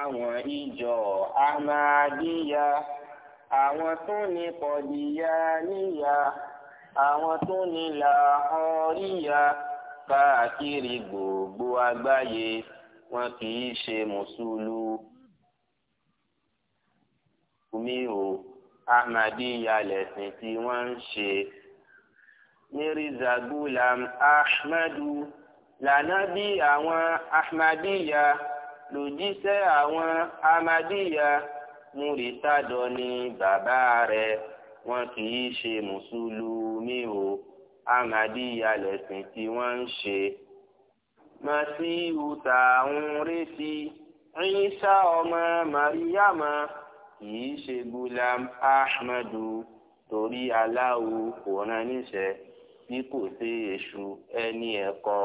àwọn ìjọ ahmadiyya àwọn tó ní pọ̀díyà níyà àwọn tó ní làhọ́ríyà káàkiri gbogbo àgbáyé wọn kì í ṣe mùsùlùmí o ahmadiyya lẹ̀sìn tí wọ́n ń ṣe. Mirza Ahmadu lànà bí àwọn ahmadiyya lòjíṣẹ́ àwọn amadíyà múritádọ ni bàbá rẹ̀ wọn kì í ṣe mùsùlùmí o amadíyà lẹ̀sìn tí wọ́n ń ṣe. masihu tá retí Ìsá ọmọ Màríyàmá kì í ṣe Gulam Ahmadu torí aláwo kò rán níṣẹ́ bí kò sí èṣù ẹni ẹ̀kọ́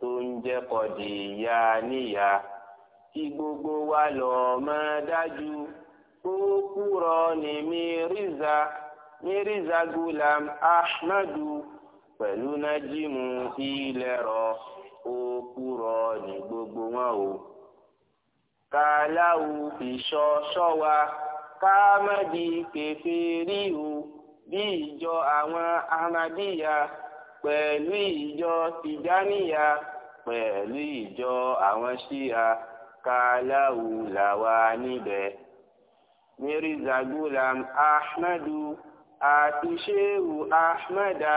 tó ń jẹ́kọ̀ọ́ di ìyá níyà kí gbogbo wa lọ máa dájú ó kúrọ ní mírízà mírízà gulam ahmadu pẹ̀lú nájímù ilẹ̀rọ ó kúrọ ní gbogbo wọn o kàláwù ìṣọ ṣọwa káàmádì kẹfẹ́rí o bí ìjọ àwọn ahmadiyya pẹ̀lú ìjọ tìjáníyà pẹ̀lú ìjọ àwọn ṣíya kàláwù làwa níbẹ̀ mirza gulam ahmadu àti shehu ahmada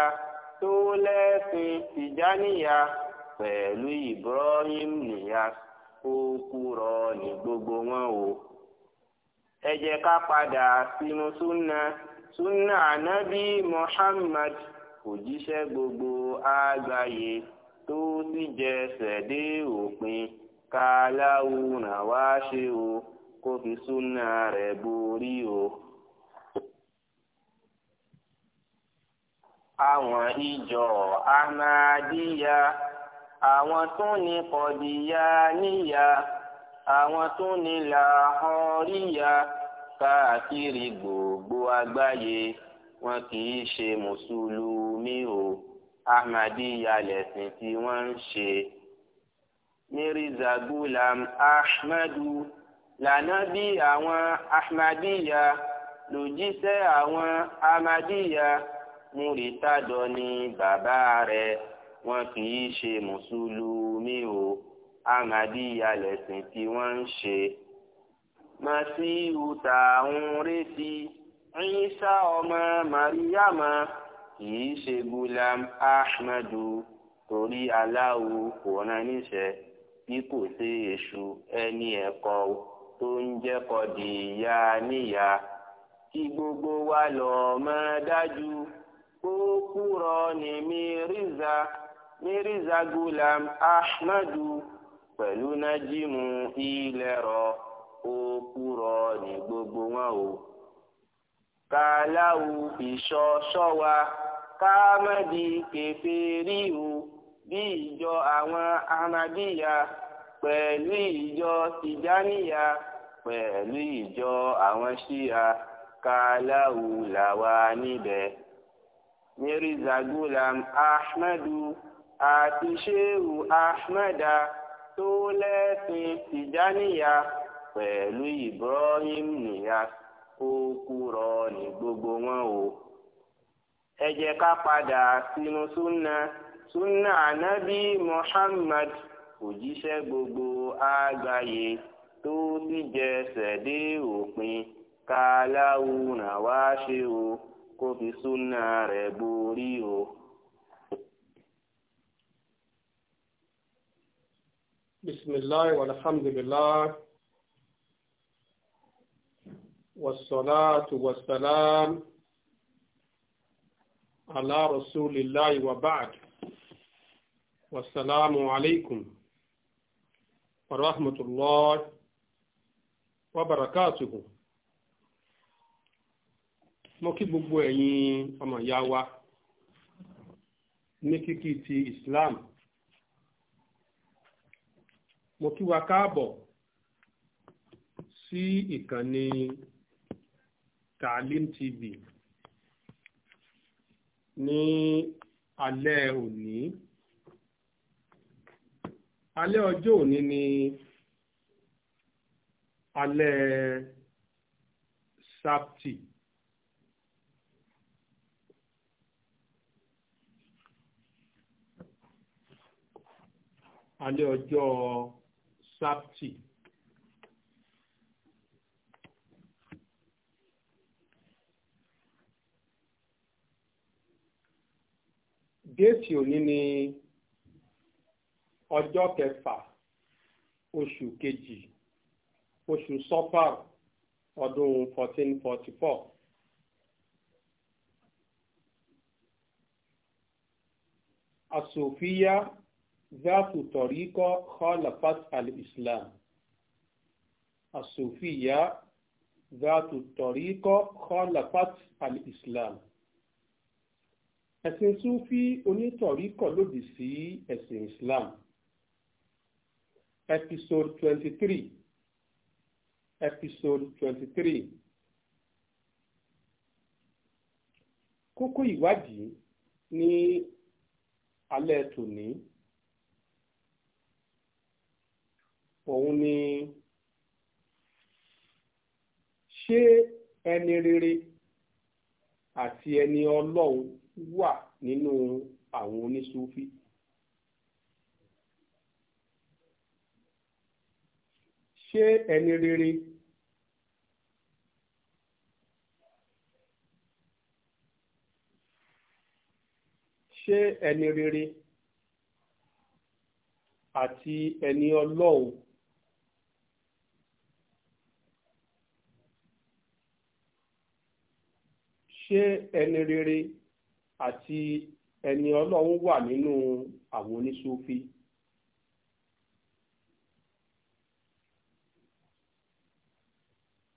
tó lẹ́sìn tìjáníyà pẹ̀lú ibrahim niyas ó kúrọ ní gbogbo wọn o ẹ jẹ́ ká padà sínú súnà súnà ànábì muhammad òjíṣẹ́ gbogbo àgbáyé tó sì jẹsẹ̀ dé òpin. kàláwù nà wá ṣe o kó fi súnà rẹ̀ borí o. àwọn ìjọ ahmadiyya àwọn tó ní kọdíyà níyà àwọn tó ní Ká káàkiri gbogbo àgbáyé wọn kì í ṣe mùsùlùmí o ahmadiyya lẹ̀sìn tí wọ́n ń ṣe. mirza gulam ahmadu lànábì àwọn ahmadiyya lòjíṣẹ́ àwọn ahmadiyya múritádọ ni bàbá rẹ̀ wọn kì í ṣe mùsùlùmí o ahmadiyya lẹ̀sìn tí wọ́n ń ṣe. masiu tá retí Ìsá ọmọ Màríyàmá kìí ṣe Gulam Ahmadu torí Allahu kò rán níṣẹ́ bí kò sí èṣù ẹni ẹ̀kọ́ tó ń jẹ́kọ̀ di ìyá níyà kí gbogbo wa lọ mọ̀ dájú kó kúrọ̀ ní mírízà mírízà gulam ahmadu pẹ̀lú nájímù ilẹ̀rọ kó kúrọ̀ ní gbogbo wọn o. kàláwù ìṣọ́ṣọ́ wa ká má di kẹfẹ́ rí o bí ìjọ àwọn ahmadiyya pẹ̀lú ìjọ tijaniya pẹ̀lú ìjọ àwọn ṣíya kàláwù làwa níbẹ̀. mirza gulam ahmadu àti sheu ahmada tó lẹ́sìn tijaniya pẹ̀lú ibrahim nìyà ó kúrọ ní gbogbo wọn o. ẹ jẹ́ ká padà sínú súnà súnà ànábì Muhammad òjíṣẹ́ gbogbo àgbáyé tó sì jẹsẹ̀ dé òpin káláwù nà wá ṣe o kó fi súnà rẹ̀ borí o. بسم الله والحمد لله والصلاة والسلام على رسول والسلام عليكم ورحمة الله وبركاته mo kí gbogbo ẹ̀yin ọmọ ìyá wa ní kíkí ti Islam mo kí wa káàbọ̀ sí ìkànnì Taalim TV ní alẹ́ òní alẹ́ ọjọ́ òní ni alẹ́ sábtì alẹ́ ọjọ́ sábtì. déètì òní ni ọjọ́ kẹfà oṣù kejì oṣù sọ́fàr ọdún 1444. asòfíà záàtù tọ̀ríkọ́ khalafat al-islam asòfíà záàtù tọ̀ríkọ́ khalafat al-islam ẹ̀sìn súfí onítọ̀ríkọ̀ lòdì sí ẹ̀sìn islam episode twenty three episode twenty three kókó ìwádìí ní alẹ́ tòní òun ni ṣé ẹni rere àti ẹni ọlọ́run wà nínú àwọn oníṣúfí. ṣé ẹni rere ṣé ẹni rere àti ẹni ọlọ́run ṣé ẹni rere àti ẹni ọlọ́run wà nínú àwọn oníṣúfì.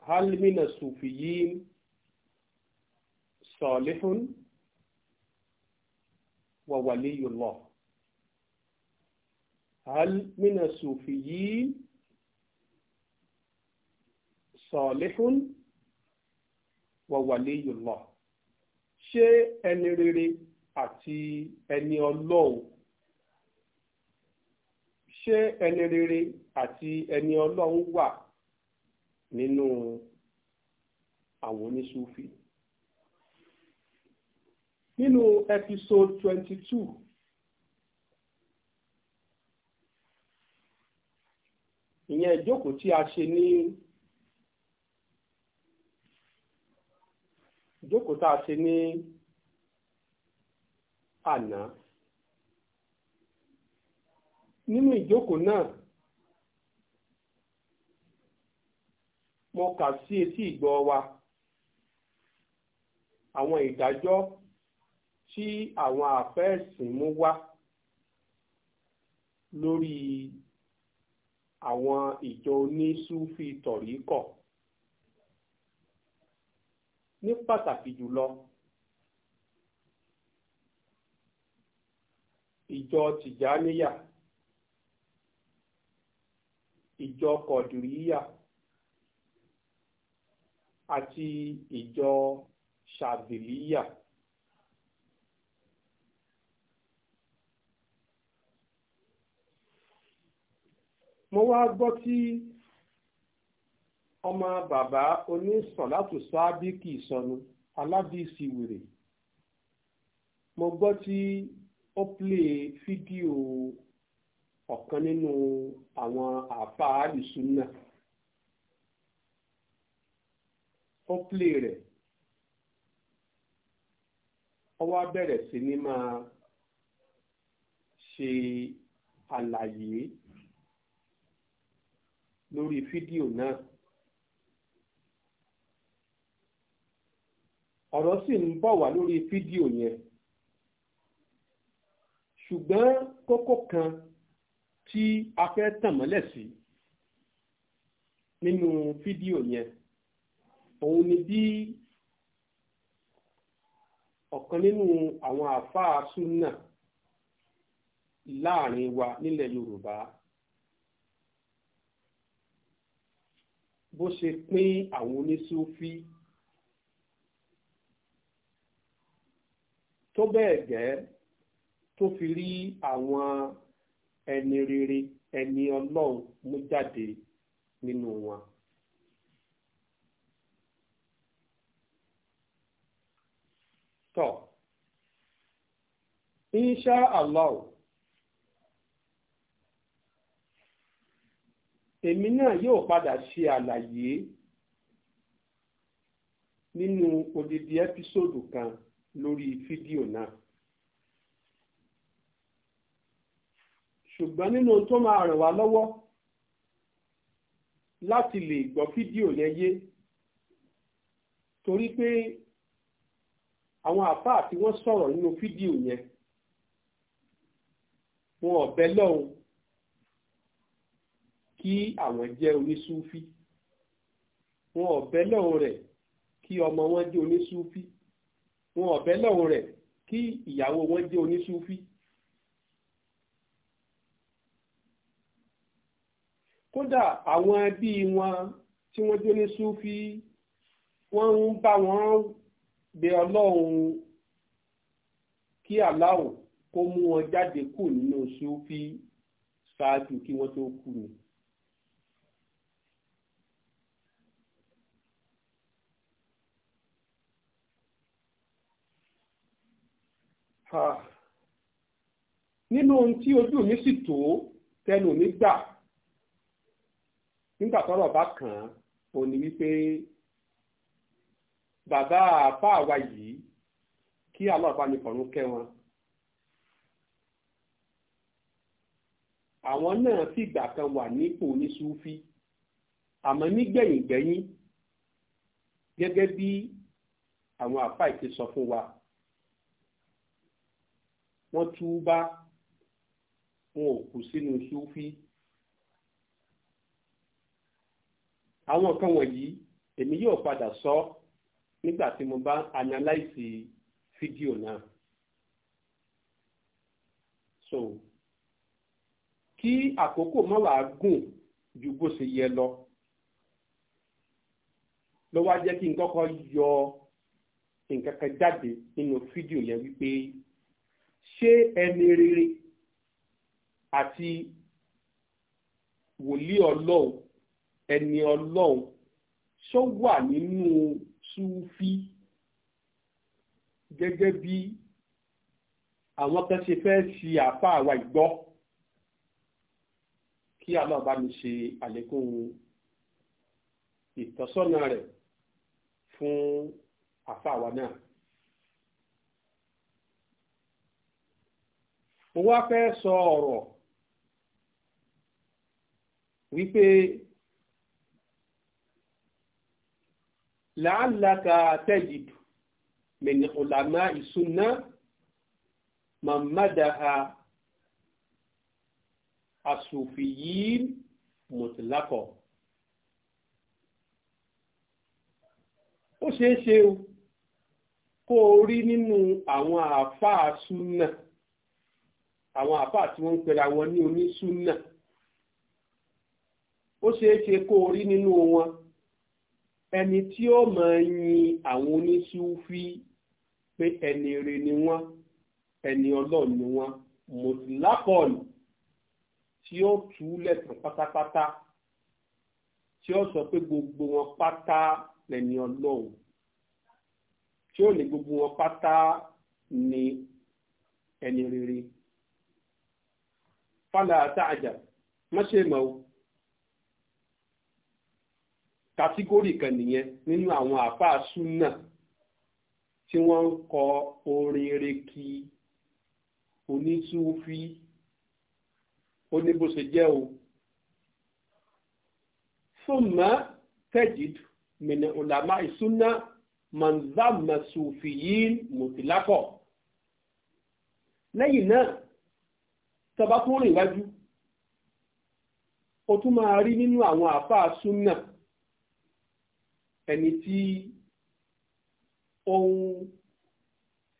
هل من الصوفيين صالح وولي الله هل من الصوفيين صالح وولي الله ṣé ẹni rere àti ẹni ọlọ́run ṣé ẹni rere àti ẹni ọlọ́run wà nínú àwọn oníṣúfì nínú episode twenty two ìyẹn ìjókòó tí a ṣe ní ìjókòó tá a ṣe ní àná nínú ìjókòó náà. mo kà sí etí ìgbọ́ wa àwọn ìdájọ́ tí àwọn àfẹ́ẹ̀sìn mú wá lórí àwọn ìjọ onísúfì tọ̀ríkọ̀ ní pàtàkì jùlọ ìjọ tìjáníyà ìjọ kọ̀dìríyà àti ìjọ ṣàdìlíyà. mo wá gbọ́ tí ọmọ bàbá onísọ̀látù sábíkì sọnù aládìsí wèrè mo gbọ́ tí ó plé fídíò ọ̀kan nínú àwọn àfáà àlùsùn ó plé rẹ̀ ó wá bẹ̀rẹ̀ sí ní máa ṣe àlàyé lórí fídíò náà ọ̀rọ̀ sì ń bọ̀ wá lórí fídíò yẹn ṣùgbọ́n kókó kan tí a fẹ́ tàn mọ́lẹ̀ sí nínú fídíò yẹn òun ni bí ọ̀kan nínú àwọn àfáà súnà láàrin wa nílẹ̀ Yorùbá bó ṣe pín àwọn onísúfí tó bẹ́ẹ̀ gẹ́ tó fi rí àwọn ẹni rere ẹni ọlọ́run mú jáde nínú wọn. insha allah èmi náà yóò padà ṣe àlàyé nínú odidi ẹ́písòdù kan lórí fídíò náà ṣùgbọ́n nínú tó máa ràn wá lọ́wọ́ láti lè gbọ́ fídíò yẹn yé torí pé àwọn àfáà tí wọ́n sọ̀rọ̀ nínú fídíò yẹn wọn ọ̀bẹ lọ́hùn kí àwọn jẹ́ onísúfí wọn ọ̀bẹ lọ́hùn rẹ̀ kí ọmọ wọn jẹ́ onísúfí wọn ọ̀bẹ lọ́hùn rẹ̀ kí ìyàwó wọn jẹ́ onísúfí. kódà àwọn ẹbí wọn tí wọ́n jẹ́ onísúfí wọ́n ń bá wọn bẹ ọlọ́run kí aláwọ̀ kó mú wọn jáde kù nínú súfì ṣáájú kí wọ́n tó kú ni. nínú ohun tí ojú mi sì tó tẹnu mi gbà nígbà tọ́rọ̀ bá kàn án ó ní wípé bàbá àpá àwa yìí kí aláàbá mi kọ̀ọ̀rún kẹ́ wọn. àwọn náà fìgbà kan wà nípò ní Súfí àmọ́ nígbẹ̀yìngbẹ̀yìn gẹ́gẹ́ bí àwọn àfa ìpè sọ fún wa wọ́n túbá wọn ò kú sínú Súfí. àwọn kan wọ̀nyí èmi yóò padà sọ nígbà tí mo bá analyze fídíò náà. So, kí àkókò má wàá gùn ju bó ṣe yẹ lọ ló wá jẹ́ kí n kọ́kọ́ yọ nǹkan kan jáde nínú fídíò yẹn wípé ṣé ẹni rere àti wòlíì ọlọ́run ẹni ọlọ́run ṣó wà nínú súfí gẹ́gẹ́ bí àwọn kan ṣe fẹ́ ṣe àáfàá wa ìgbọ́ kí a máa bá mi ṣe àlékún ìtọ́sọ́nà rẹ̀ fún àfàwà náà. mo wá fẹ́ sọ ọ̀rọ̀ wípé làálàkà tẹ́jìdù min ìsúná màmádàá asòfìyìn mọ̀tìlákọ̀. ó ṣeé ṣe o kó o rí nínú àwọn àáfàá súnà àwọn àáfàá tí wọ́n ń pera wọn ní onísúnà ó ṣeé ṣe kó o rí nínú wọn ẹni tí ó máa yin àwọn onísúfí pé ẹni rere ni wọ́n ẹni ọlọ́run ni wọ́n mọ̀tìlákọ̀ ni. tí ó tú lẹ́tàn pátápátá tí ó sọ pé gbogbo wọn pátá lẹ́ni ọlọ́run tí ó ní gbogbo wọn pátá ní ẹni rere fálà àtàjà mọ́ṣẹ́ mọ́ o kàtígórì kan nìyẹn nínú àwọn àáfàá súnà tí wọ́n ń kọ orin eré kí onísúfí. ó ní bó ṣe jẹ́ o thumma tajid min ulama ìsúná manzama sufiyin mutilakọ lẹ́yìn náà tọba tó rìn wájú o tún máa rí nínú àwọn àfáà súnà ẹni tí ó ń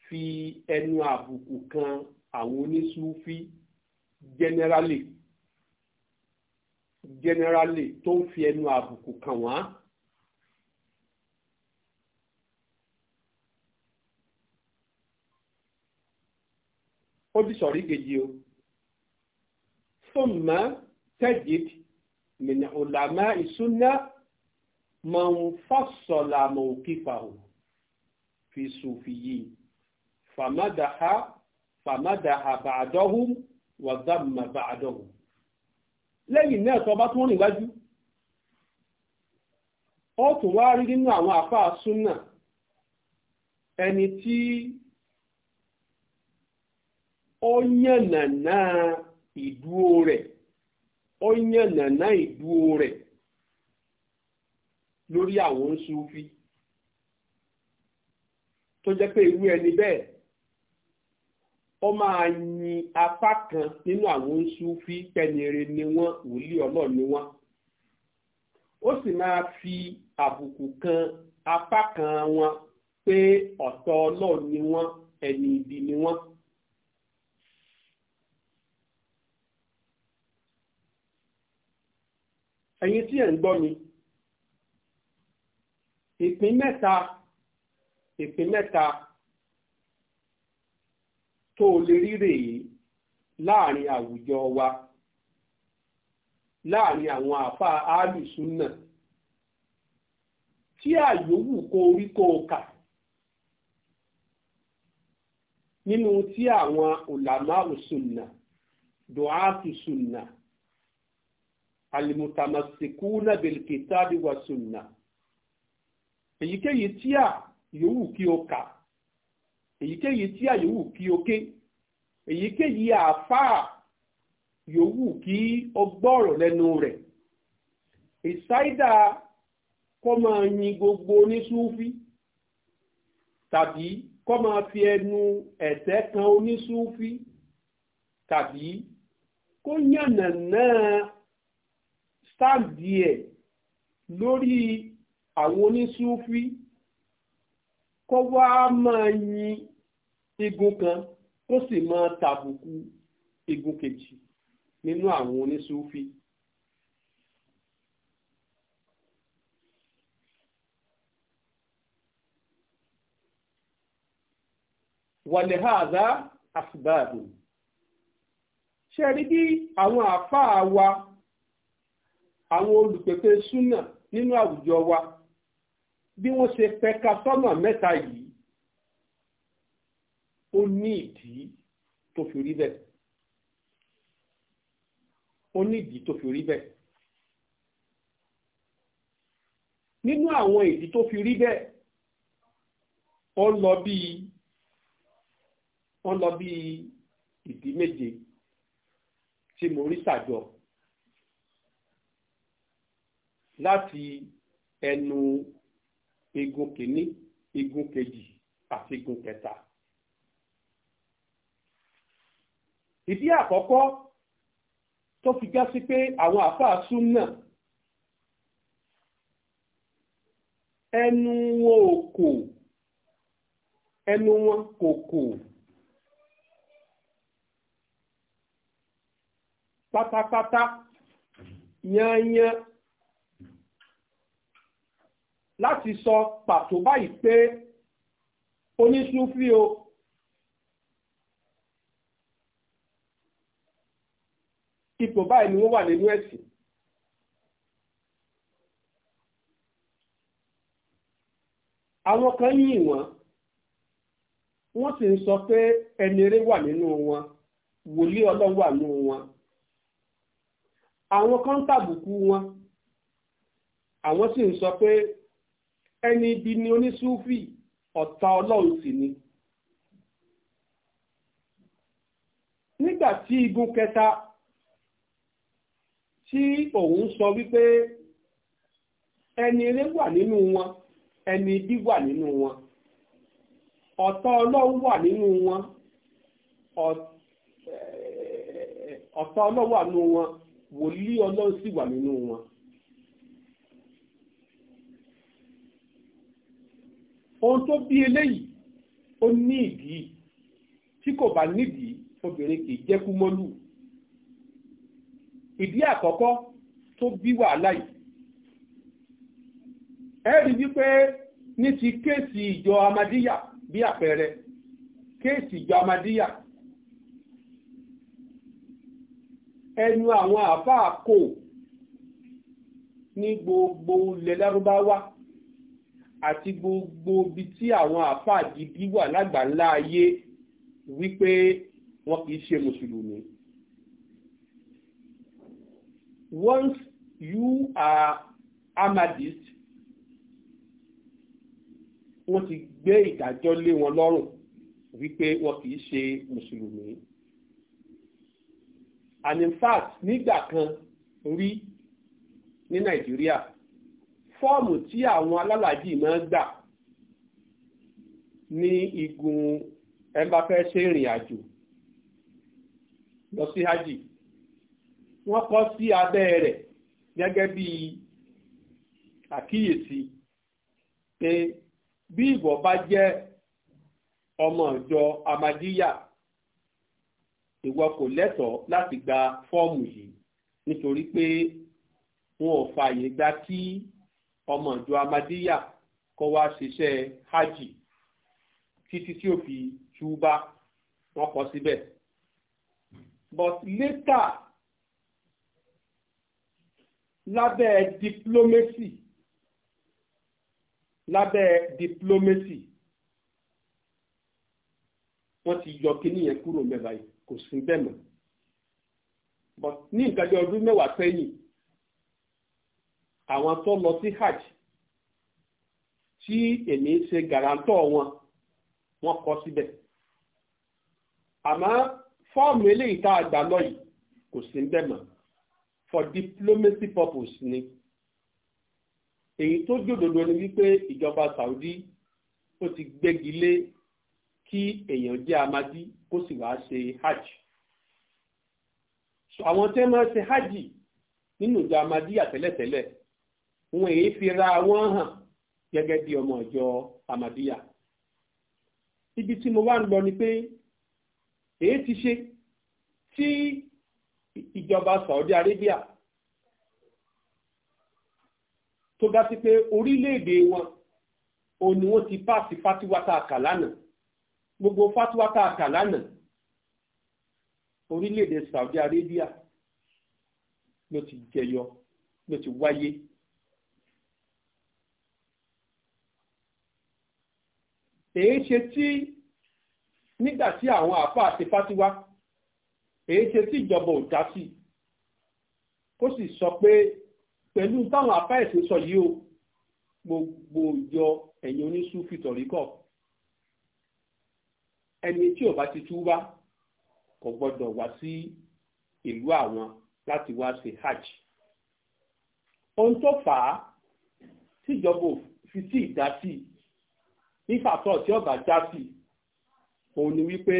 fi ẹnu àbùkù kan àwọn onísúfí generally generally tó ń fi ẹnu àbùkù kàn wá. ó di sọ̀rí kejì o thumma tajid min ulama'i sunnah man fassala mawqifahu fi sufiyyin famadaha famadaha ba'dahum. wàzámà bá àdọ́wò lẹ́yìn náà tọba tó rìn wájú ó tún wá rí nínú àwọn àfáà súnà ẹni tí ó yànnàná ìdúró rẹ̀ ó yànnàná ìdúró rẹ̀ lórí àwọn Súfí tó jẹ́ pé irú ẹni bẹ́ẹ̀ ó máa yin apá kan nínú àwọn fi pẹ́nire ni wọn wòlíì ọlọ́run ni wọn ó sì máa fi àbùkù kan apá kan wọn pé ọ̀tọ̀ ọlọ́run ni wọn ẹni ibi ni wọn. ẹ̀yin tí ẹ̀ ń mi ìpín mẹta ìpín mẹ́ta tó lè rí rèé láàrin àwùjọ wa láàrin àwọn àáfàá áàlùsùn náà tí àyòwù kó orí kó o kà nínú tí àwọn ulama usunna du'atu sunna alimutamassikuna bilkitabi wa sunna èyíkéyìí tí àyòwù kí o kà. èyíkéyìí tí àyòwù kí o ké èyíkéyìí àáfàá yòówù kí o gbọ́rọ̀ lẹ́nu rẹ̀ ìsáídà kó máa yin gbogbo onísúfí tàbí kó máa fi ẹnu ẹ̀tẹ́ kan onísúfí tàbí kó yànnà náà sáàdì lórí àwọn onísúfí kó wá máa yin igun kan kó sì máa tàbùkù igun kejì nínú àwọn oníṣúfì. wàlẹ̀háàdá àsìbáàdùn. ṣe rí bí àwọn àfáà wa àwọn olùpẹ̀pẹ̀ súnà nínú àwùjọ wa bí wọ́n ṣe pẹ̀ka sọ́nà mẹ́ta yìí ó ní ìdí tó fi rí bẹ́ẹ̀ ó ní ìdí tó fi rí bẹ́ẹ̀ nínú àwọn ìdí tó fi rí bẹ́ẹ̀ ó lọ bíi ó lọ bíi ìdí méje tí mo rí sàjọ láti ẹnu igun kìíní igun kejì àti igun kẹta. ìdí àkọ́kọ́ tó fi já sí pé àwọn àfáà súnà ẹnu wọn ò kò ẹnu wọn kò kò pátápátá yányán láti sọ pàtó báyìí pé onísúfí o ipò báyìí ni wọ́n wà nínú ẹ̀sìn. àwọn kan yìn wọ́n wọ́n sì ń sọ pé ẹni wà nínú wọn wòlíì ọlọ́run wà nínú wọn àwọn kan ń tàbùkù wọn àwọn sì ń sọ pé ẹni ibi ni onísúfì ọ̀tá ọlọ́run sì ni. nígbà tí igun kẹta tí òun sọ wípé ẹni eré wà nínú wọn ẹni ibi wà nínú wọn ọ̀tá ọlọ́run wà nínú wọn ọ̀tá ọlọ́run wà nínú wọn wòlíì ọlọ́run sì wà nínú wọn. ohun tó bí eléyìí ó ní ìdí tí kò bá nídìí obìnrin kì í jẹ́kú mọ́lù ìdí àkọ́kọ́ tó bí wàhálà yìí ẹ rí wípé ní ti kéèsì ìjọ amadíyà bí àpẹẹrẹ kéèsì ìjọ amadíyà ẹnu àwọn àáfàá kò ní gbogbo ilẹ̀ lárúbáwá àti gbogbo ibi tí àwọn àfáà gidi wà lágbàńlá ayé wípé wọn kì ṣe mùsùlùmí. Once you are Ahmadist wọ́n ti gbé ìdájọ́ lé wọn lọ́rùn wípé wọn kì ṣe mùsùlùmí. And in fact nígbà kan rí ní Nàìjíríà fọ́ọ̀mù tí àwọn alálàájì máa ń gbà ní igun ẹ bá fẹ́ ṣe ìrìn àjò lọ sí hajj wọ́n kọ sí abẹ́ rẹ̀ gẹ́gẹ́ bí àkíyèsí pé bí ìwọ bá jẹ́ ọmọ ìjọ amadíyà ìwọ kò lẹ́tọ̀ọ́ láti gba fọ́ọ̀mù yìí nítorí pé wọn ò fààyè gba kí ọmọ ìjọ amadíyà kó wá ṣiṣẹ́ hajj títí tí ó fi túbá wọ́n kọ síbẹ̀ but later lábẹ́ diplomacy lábẹ́ diplomacy wọ́n ti yọ kíní yẹn kúrò mẹ́ba yìí kò sí bẹ́ẹ̀ mọ́ but ní nǹkan bí ọdún mẹ́wàá sẹ́yìn àwọn tó lọ sí hajj tí èmi ṣe gàràǹtọ̀ wọn wọ́n kọ síbẹ̀ àmọ́ fọ́ọ̀mù eléyìí tá a gbà lọ yìí kò sí ń bẹ̀ for diplomacy purpose ni èyí tó jòdòdò ni wípé ìjọba Saudi ó ti gbégi lé kí èèyàn jẹ́ amadi kó sì wá ṣe hajj so àwọn tí wọ́n máa ṣe hajj nínú ìjọ amadi àtẹ́lẹ̀tẹ́lẹ̀ wọn èyí fi ra wọn hàn gẹ́gẹ́ bí ọmọ ìjọ Ahmadiyya ibi tí mo wá ń lọ ni pé èyí ti ṣe tí ìjọba Saudi Arabia tó dá sí pé orílẹ̀-èdè wọn òun ni wọ́n ti pàṣẹ fatiwata àkà lánàá gbogbo fatiwata àkà lánàá orílẹ̀-èdè Saudi Arabia ló ti jẹyọ ló ti wáyé èé ṣe tí nígbà tí àwọn àfa àti fásiwá èé ṣe tí ìjọba ò dá sí kó sì sọ pé pẹ̀lú táwọn àfa ẹ̀sìn sọ yìí o gbogbo ìjọ ẹ̀yìn oníṣú fìtọ̀ríkọ̀ ẹni tí ò bá ti tú wá kò gbọdọ̀ wá sí ìlú àwọn láti wá ṣe hajj ohun tó fà á tíjọba ò fi tí ì dá sí i nífàtọ̀ tí ọba já sí òun ni wípé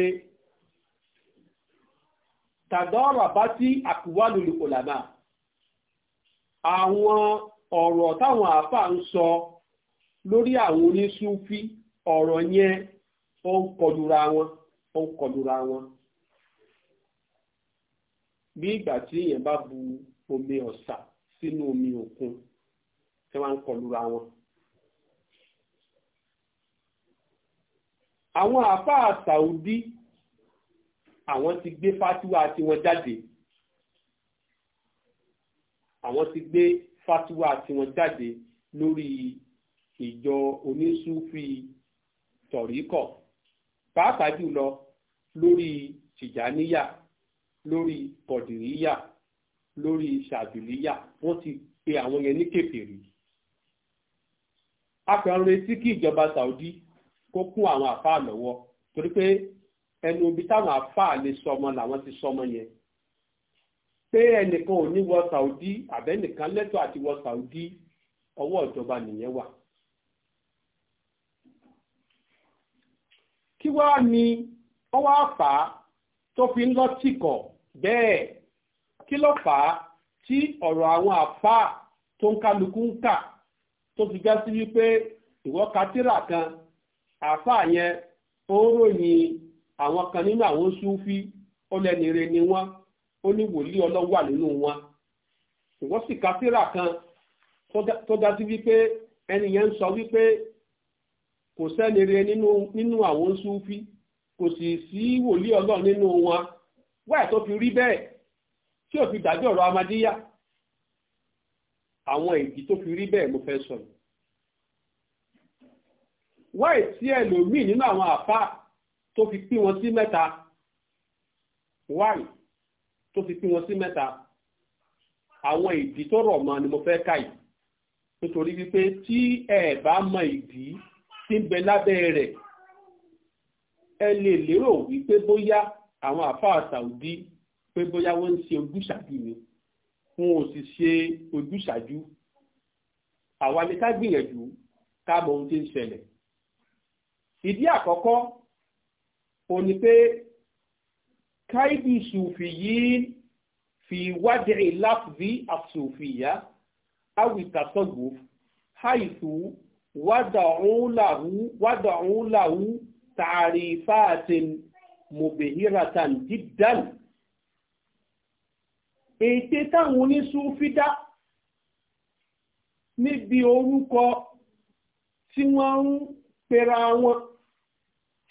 tàdọ́rọ̀ bá tí àkùwá lórí kòlàmà àwọn ọ̀rọ̀ táwọn àáfàá ń sọ lórí àwọn onísúfí ọ̀rọ̀ yẹn ó ń kọlura wọn ó ń kọlura wọn bí ìgbà tí èèyàn bá bu omi ọ̀sà sínú omi òkun tí wọ́n ń kọlura wọn. àwọn àfáà Saudi àwọn ti gbé fatiwa tiwọn jáde àwọn ti gbé fatiwa tiwọn jáde lórí ìjọ onísúfì tọ̀ríkọ̀ pàápàá jùlọ lórí tìjàníyà lórí kọ̀dìríyà lórí ṣàbìlíyà wọ́n ti pe àwọn yẹn ní kèfèrí a kàn retí kí ìjọba Saudi kó kún àwọn àfáà lọ́wọ́ torí pé ẹnu ibi táwọn àfáà lè sọmọ làwọn ti sọmọ yẹn pé ẹnìkan ò ní wọ Saudi àbẹ́nìkan lẹ́tọ̀ọ́ àti wọ Saudi ọwọ́ ìjọba nìyẹn wà. kí wàá ní ọwọ́ àfà tó fi ń lọ tìkọ̀ bẹ́ẹ̀ kí ló fà á tí ọ̀rọ̀ àwọn àfà tó ń kálukú ń kà tó fi já sí wípé ìwọ ka tírà kan àfáà yẹn ó ròyìn àwọn kan nínú àwọn súfí ó lẹ́ni re ni wọ́n ó ní wòlíì ọlọ́wà nínú wọn wọ́n sì ka síra kan tó dájú wípé ẹni yẹn ń sọ wípé kò sẹ́ni nínú àwọn súfí kò sì sí wòlíì ọlọ́run nínú wọn wáyà tó fi rí bẹ́ẹ̀ tí ò fi dàbí ọ̀rọ̀ amadíyà àwọn ìdí tó fi rí bẹ́ẹ̀ mo fẹ́ sọ̀rọ̀. wáì tí ẹlòmíì nínú àwọn àfá tó fi pín wọn sí mẹ́ta wáì tó fi pín wọn sí mẹ́ta àwọn ìdí tó rọ̀ mọ́ ni mo fẹ́ ká yìí nítorí wípé tí ẹ bá mọ ìdí tí ń bẹ lábẹ́ rẹ̀ ẹ lè lérò wípé bóyá àwọn àfáà Saudi pé bóyá wọ́n ń ṣe ojúṣàjú ni wọn ò sì ṣe ojúṣàjú àwa ni ká gbìyànjú ká mọ ohun tí ń ṣẹlẹ̀ ìdí àkọ́kọ́ ò ní pé káìdì ṣùfì yìí fi wádìí ìlàfíì àṣòfìyà awìtàṣọ́gbò haitu wádàún làwú tààrífàtin mùbìhíratan dídán ète táwọn oníṣúfídá níbi orúkọ tí wọ́n ń pera wọn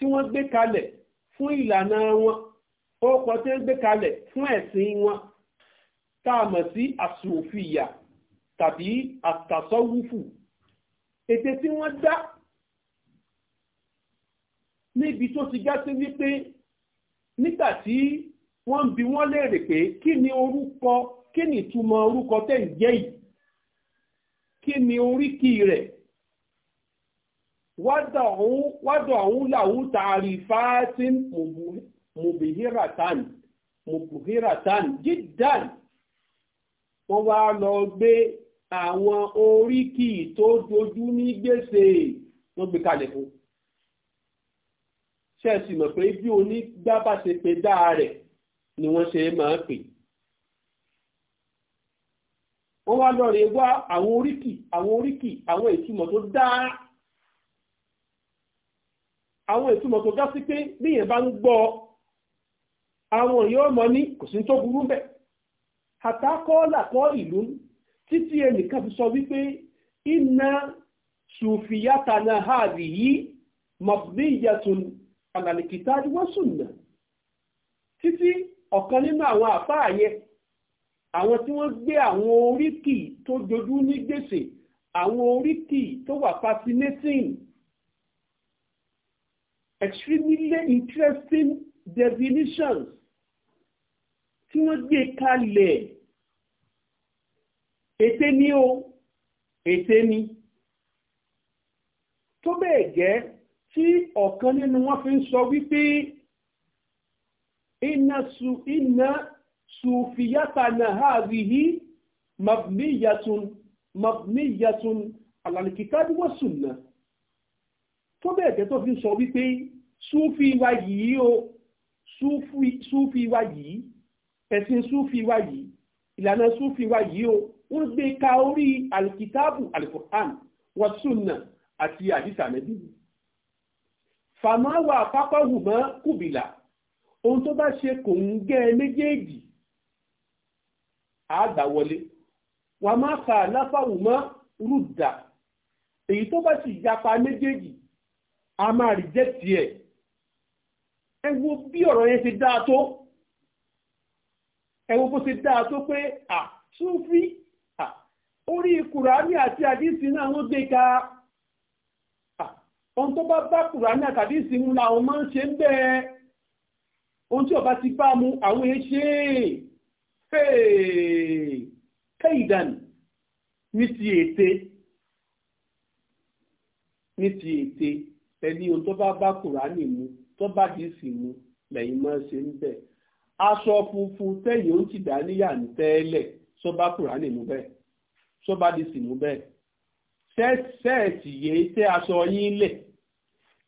tí wọ́n gbé kalẹ̀ fún ìlànà wọn orúkọ tí wọ́n gbé kalẹ̀ fún ẹ̀sìn wọn tá a mọ̀ sí àsòfìyà tàbí àtàsọ́wúfù ète tí wọ́n dá níbi tó ti já sí wípé nígbà tí wọ́n ń bi wọ́n léèrè pé kí ni orúkọ kí ni ìtumọ̀ orúkọ tẹ̀ ń jẹ́ yìí kí ni oríkì rẹ̀ wádọ̀ ọ̀hún làwú tààrí fáátí mùbìhíràtàn mùbìhíràtàn jídàn wọ́n wá lọ gbé àwọn oríkì tó dojú ní gbèsè wọ́n gbé kalẹ̀ fún ṣẹ́ẹ̀sì mọ̀ pé bí onígbábà ṣe pé rẹ̀ ni wọ́n ṣe máa pè wọ́n wá lọ rè wá àwọn oríkì àwọn oríkì àwọn ìtumọ̀ tó dáa àwọn ìtumọ̀ tó dá sí pé bíyẹn bá ń gbọ́ àwọn yóò ọmọ ní kò sí tó burú bẹ́ẹ̀ àtàkọ́ọ́là kọ́ ìlú títí ẹnìkan fi sọ wípé iná sùfìyàtàna hàbì yìí mọ̀bíyàtùn àlàlìkìtà wọ́sùnà títí ọ̀kan nínú àwọn àfáà yẹn àwọn tí wọ́n gbé àwọn oríkì extremely interesting definitions tí wọ́n gbé kalẹ̀ ète ni o ète ni tó bẹ́ẹ̀ gẹ́ tí ọ̀kan nínú wọn fi ń sọ wípé iná su iná sufiyata na hazihi mabniyatun mabniyatun alalikitabi wa sunnah tó bẹ́ẹ̀ tẹ́ tó fi sọ wípé súfì wa yìí o súfì wa yìí ẹ̀sìn súfì wa yìí ìlànà súfì wa yìí o wọ́n gbé ka orí alikitaabu alikur'an wa sunna àti àdìsá nẹ́bí fàmà wà pápá hùmọ́ kùbìlà ohun tó bá ṣe kò ń gẹ́ méjèèjì àgbàwọlé wà má kà láfàwùmọ́ rúdà èyí tó bá sì yapa méjèèjì a máa rìjẹ́tì ẹ̀ ẹ wo bí ọ̀rọ̀ yẹn ti dáa tó ẹ wo bó ti dáa tó pé à súnfí à orí kùránì àti àdìsí náà gbé ka ohun tó bá bá kùránì àti àdìsí mu làwọn máa ń ṣe ń bẹ́ẹ̀ ohun tí ọba ti bá mu àwọn èèyàn ṣe é kéèdàn ní ti ète ní ti ète. ẹbí ohun tó bá bá kùránì mu tó bá dì sí mu lẹ́yìn máa ṣe ń bẹ̀ aṣọ funfun tẹ̀yìn tẹ́lẹ̀ tó bá kùránì mu bẹ́ẹ̀ tó bá dì sí mu bẹ́ẹ̀ yìí tẹ́ aṣọ yín lẹ̀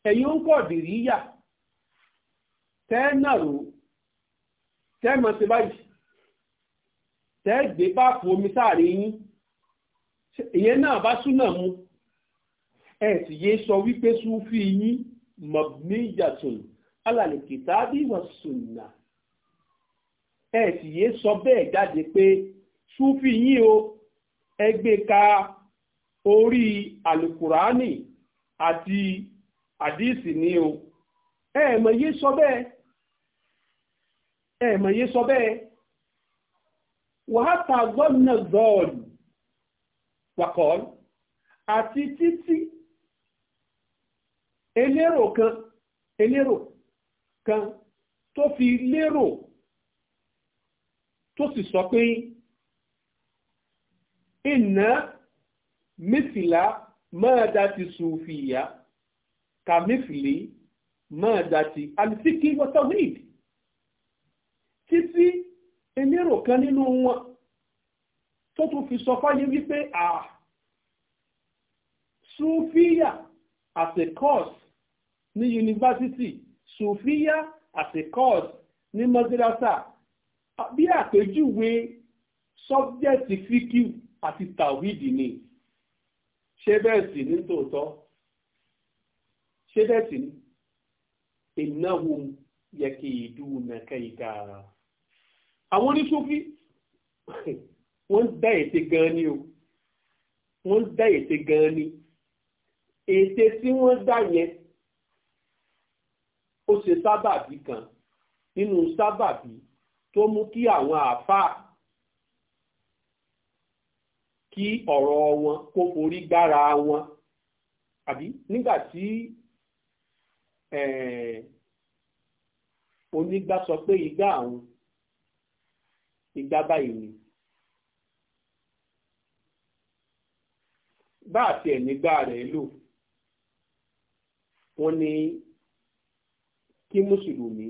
ẹ̀yin mu ẹ sì yé sọ wípé súfì yín mọ̀míyàtùn alàlè kìtàbí wa sunnah ẹ yé sọ bẹ́ẹ̀ jáde pé súfì yín o ẹ gbé ka orí àlùkùránì àti àdìsí ni o ẹ mọ̀ yé sọ bẹ́ẹ̀ ẹ mọ̀ yé sọ bẹ́ẹ̀ wàhátà gbọ́nà zọ́ọ̀lù wàkọ́ọ̀lù àti títí elérò kan elérò kan tó fi lérò tó sì sọ pé iná mísìlá máa dá ti sùfìyà ka mísìlì máa dá ti alìsíkí wọ́tọ̀wìd títí elérò kan nínú wọn tó tún fi sọ fáyé wípé à ah, sùfìyà as a cause ní yunifásitì sofia asekos ní mọ́sálásà bí àpèjúwe sọ́bjẹ́tì fíkìú àti tàwídì ni ṣé bẹ́ẹ̀ sì ní tòótọ́ ṣé bẹ́ẹ̀ sì ní ìnáwó yẹ kí ìdú nàkẹ́ ìdá àwọn oníṣòfí wọ́n dá ète gan ni o wọ́n dá ète gan ni ète tí wọ́n dá yẹn ó ṣe sábàbí kan nínú sábàbí tó mú kí àwọn àáfàá kí ọ̀rọ̀ wọn kó forí gbára wọn àbí nígbà tí onígbà sọ pé igbá àwọn igbá báyìí ni bá àti ẹ̀ nígbà rẹ̀ lò wọ́n ní kí mùsùlùmí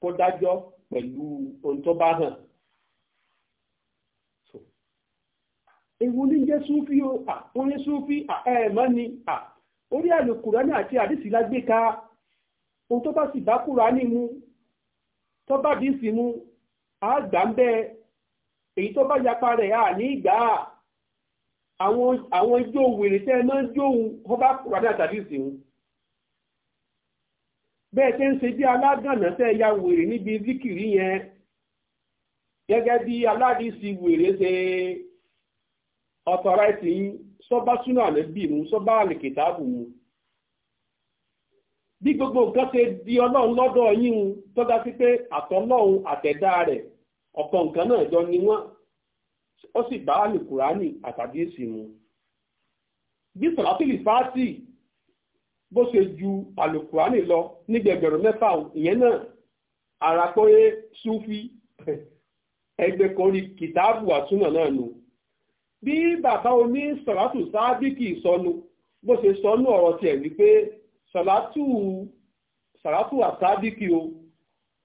kó dájọ́ pẹ̀lú ohun tó bá hàn. ewu ní jẹ́ súfí o àwọn ní súfí ẹ̀ẹ̀mọ́ ni orí àlùkùránì àti àdìsí lágbé ka ohun tó bá sì bá kùránì mu tó bá dìísì mu a gbà ń bẹ́ẹ̀ èyí tó bá yapa rẹ̀ á ní ìgbà àwọn ijó wèrè tẹ́ ẹ máa ń jóhun ọba kùránì àti àdìsí bẹ́ẹ̀ ṣe ń ṣe bí aládànà tẹ́ ya wèrè níbi zikiri yẹn gẹ́gẹ́ bí aládìsí wèrè ṣe ọ̀tọ̀ráìtì yín sọ́bá súnà àlẹ́bí mu sọ́bá àlèkìtàbù mu bí gbogbo nǹkan ṣe di ọlọ́run lọ́dọ̀ yín un tọ́ka sí pé àtọ́lọ́run àtẹ̀dá rẹ̀ ọ̀pọ̀ nǹkan náà jọ ni wọ́n ó sì bá àlùkùránì àtàdísì mu bí sọ̀rọ̀ àtìlì fáàtì bó ṣe ju àlùkùránì lọ nígbẹ̀gbẹ̀rún mẹ́fà ìyẹn náà àràpọ̀yé sufi ẹgbẹ́ kan rí kìtáàbù àtúnà náà nù bí bàbá oní sọ̀ràtù sábìkì sọnù bó ṣe sọnù ọ̀rọ̀ tiẹ̀ wípé sọ̀ràtù sọ̀ràtù àsábìkì o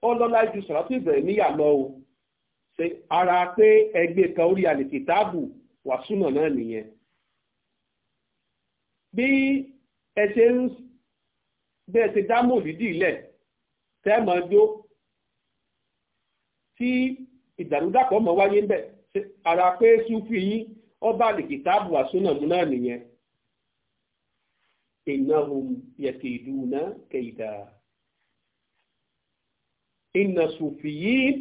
ọlọ́lá ju sọ̀ràtù ìbẹ̀rẹ̀ níyà lọ o ara pé ẹgbẹ́ kan rí àlè kìtáàbù wàsúnà náà nìyẹn bí ẹ ṣe ń bẹ́ẹ̀ ṣe dá mòlídì ilẹ̀ tẹ́ẹ̀mọ̀ jó tí ìdàrúdàpọ̀ mọ̀ wáyé ńbẹ̀ ara pé súfì yín ọba àlèkìtàbù àsúnà mú náà nìyẹn innahum yakiduna kaida inna sufiyin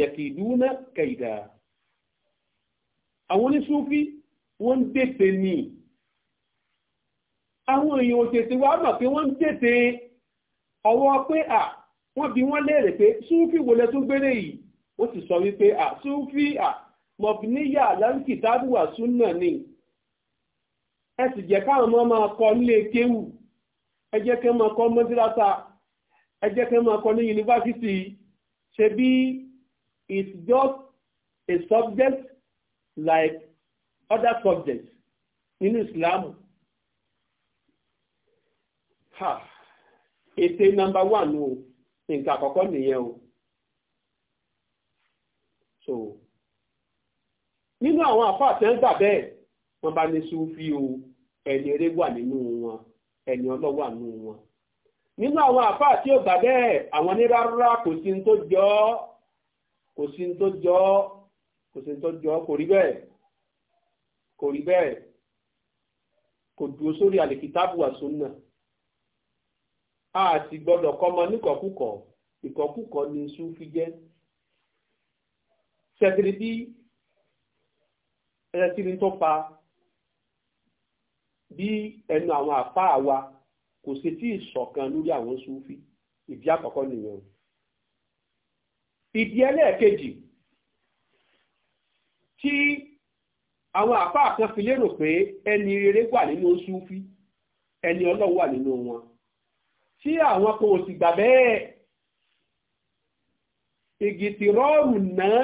yakiduna kaida àwọn onísúfì wọ́n ń dèpè nìyí àwọn èèyàn ò tètè wá mọ̀ pé wọ́n ń tètè ọwọ́ pé à wọ́n bi wọ́n léèrè pé súfì wo lẹ tún yìí ó sì sọ wípé à súfì à mọ̀bìníyà láǹkì tábùwà súnà ni ẹ sì jẹ́ káwọn ọmọ máa kọ nílé kéwù ẹ jẹ́ kí wọ́n máa kọ mọ́tíráta ẹ jẹ́ kí wọ́n máa kọ ní yunifásitì ṣe bí it's just a subject like other subjects nínú ìsìlámù ha ète nọ́mbà one o nǹkan àkọ́kọ́ nìyẹn o so nínú àwọn àfáà tẹ́ ń gbà bẹ́ẹ̀ wọ́n bá ní sùfí o ẹni eré wà nínú wọn ẹni ọlọ́wọ́ wà nínú wọn nínú àwọn àfáà tí ó gbà bẹ́ẹ̀ àwọn ní rárá kò sí tó jọ kò sí tó jọ kò sí tó jọ kò rí bẹ́ẹ̀ kò rí bẹ́ẹ̀ kò dúró sórí àlèkìtàbù wa a sì gbọdọ kọ́mọ níkọ̀kúkọ̀ ìkọ̀kúkọ̀ ni Súfì jẹ́ ṣẹ̀tìrì bí ẹ̀ṣẹ̀tìrì tó pa bí ẹnu àwọn àpá wa kò sí tí ìṣọ̀kan lórí àwọn Súfì ìdí àkọ́kọ́ nìyẹn ìdí ẹlẹ́ẹ̀kejì tí àwọn àpá kan fi lérò pé ẹni rere wà nínú ẹni tí àwọn kò sì gbà bẹ́ẹ̀ ìgìtìrọ́ọ̀rù náà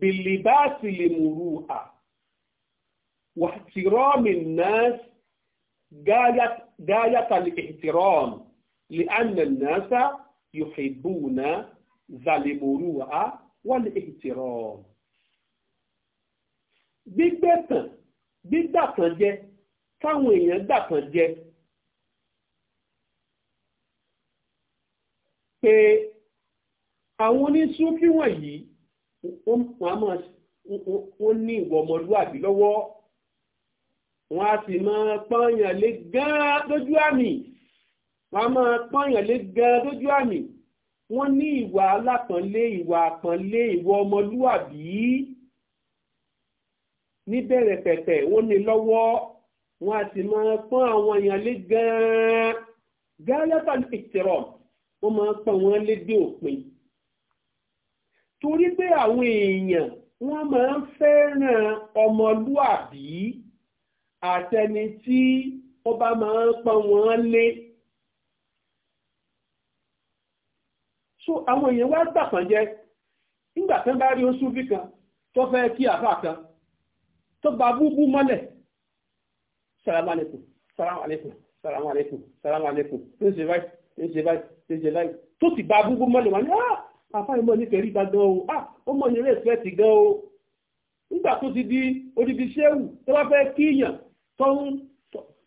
bìlìbáàsì lè múrú à Wà tí wàtìrọ́ọ̀mì náà gáyàtà ìtìrọ́ọ̀mù lè ànà náà yòhìbùnà zàlèmòrú à wọ́n lè ìtìrọ́ọ̀mù. gbígbẹ̀tàn gbígbàtàn jẹ káwọn èèyàn gbàtàn jẹ pé àwọn onísúfí wọ̀nyí wọ́n ní ìwọ ọmọlúwàbí lọ́wọ́ wọ́n á sì máa pọ́nyàn lé gan lójú àmì wọ́n á máa pọ́nyàn lé gan lójú àmì wọ́n ní ìwà alápọ̀nlé ìwà àpọ̀nlé ìwọ ọmọlúwàbí níbẹ̀rẹ̀ pẹ̀pẹ̀ wọ́n ní lọ́wọ́ wọ́n á sì máa pọ́n àwọn èèyàn lé gan-an gáálẹ́tà ní ìtẹ̀rọ̀mù wọ́n máa ń pọ̀ wọ́n lédè òpin torí pé àwọn èèyàn wọ́n máa ń fẹ́ràn ọmọlúàbí àtẹni tí wọ́n bá máa ń pọ̀ wọ́n lé. so àwọn èèyàn wá gbàpọ̀njẹ nígbà tán bá rí oṣù bí kan tó fẹ́ kí àfà kan tó bá búbú mọ́lẹ̀ salamu alaikum salamu alaikum salamu alaikum salamu alaikum ń ṣe báyìí ń ṣe báyìí ṣèṣe láì tó sì bá gbogbo mọ́lẹ̀ wá ní ah, àfáà ìmọ̀ nífẹ̀ẹ́ rí bá gan o ah, ó mọ̀ ní rẹ̀ fẹ́ ti gan o nígbà tó ti di odidi ṣéwù tó bá fẹ́ kíyàn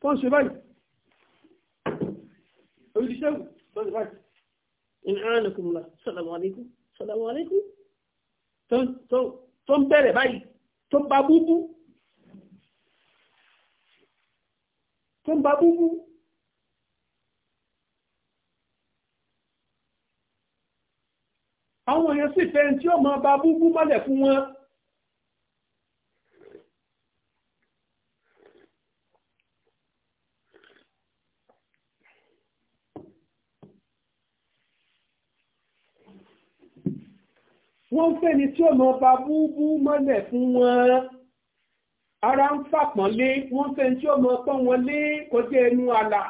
tó ń ṣe báyìí odidi ṣéwù tó ń ṣe báyìí ìrànlẹ́kùnmùlà salamu alaikum salamu alaikum tó ń bẹ̀rẹ̀ báyìí tó ń ba búbú tó ń ba búbú àwọn èèyàn sì fẹ́ tí ó máa ba búbú mọ́lẹ̀ fún wọn wọ́n fẹ́ ni tí ó máa ba búbú mọ́lẹ̀ fún wọn ara ń fàpọ̀nlé wọ́n fẹ́ tí ó máa pọ́n wọn lé kọjá ẹnu àlà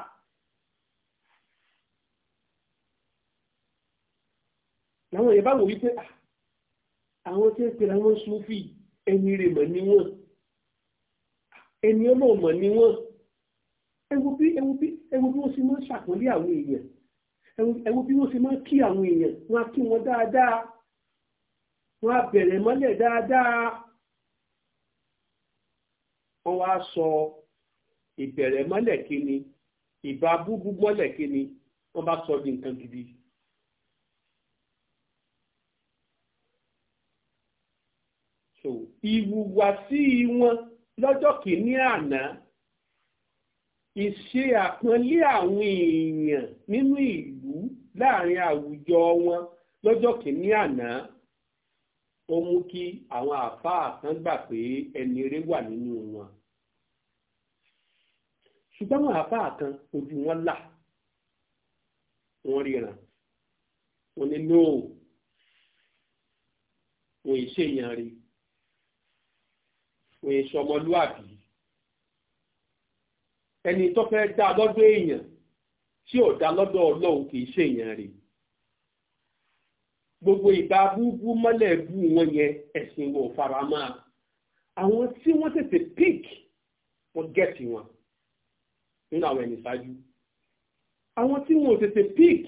làwọn èèyàn bá wò wípé ah, àwọn tí ń pè láwọn súnfì ẹni rè mọ̀ ní wọ́n ẹni ọlọ́ọ̀ mọ̀ ní wọ́n ẹwu bí wọ́n ṣe máa ń àwọn èèyàn ẹwu bí wọ́n ṣe máa kí àwọn èèyàn wọ́n á kí wọn dáadáa wọ́n á bẹ̀rẹ̀ mọ́lẹ̀ dáadáa wọ́n wá sọ ìbẹ̀rẹ̀ mọ́lẹ̀ kíni ìbá búbú mọ́lẹ̀ kíni wọ́n bá sọ di nǹkan gidi. ìwùwàsí wọn lọ́jọ́ kìíní àná ìṣe àpọ́nlé àwọn èèyàn nínú ìlú láàrin àwùjọ wọn lọ́jọ́ kìíní àná ó mú kí àwọn àfáà kan gbà pé ẹni eré wà nínú wọn ṣùgbọ́n àwọn àfáà kan ojú wọn là wọ́n ríran wọ́n ní lóò wọ́n ìṣèyàn rí. No kò yẹ ṣọmọlúàbí ẹni tó fẹ́ dá lọ́dọ̀ èèyàn tí ò dá lọ́dọ̀ ọlọ́run kì í ṣe èèyàn rẹ̀ gbogbo ìgbà búbú mọ́lẹ̀ bú wọn yẹn ẹ̀sìn wò fara máa àwọn tí wọ́n tètè pík wọ́n gẹ̀ẹ́sì wọn nínú àwọn ẹni ṣáájú àwọn tí wọn ò tètè pík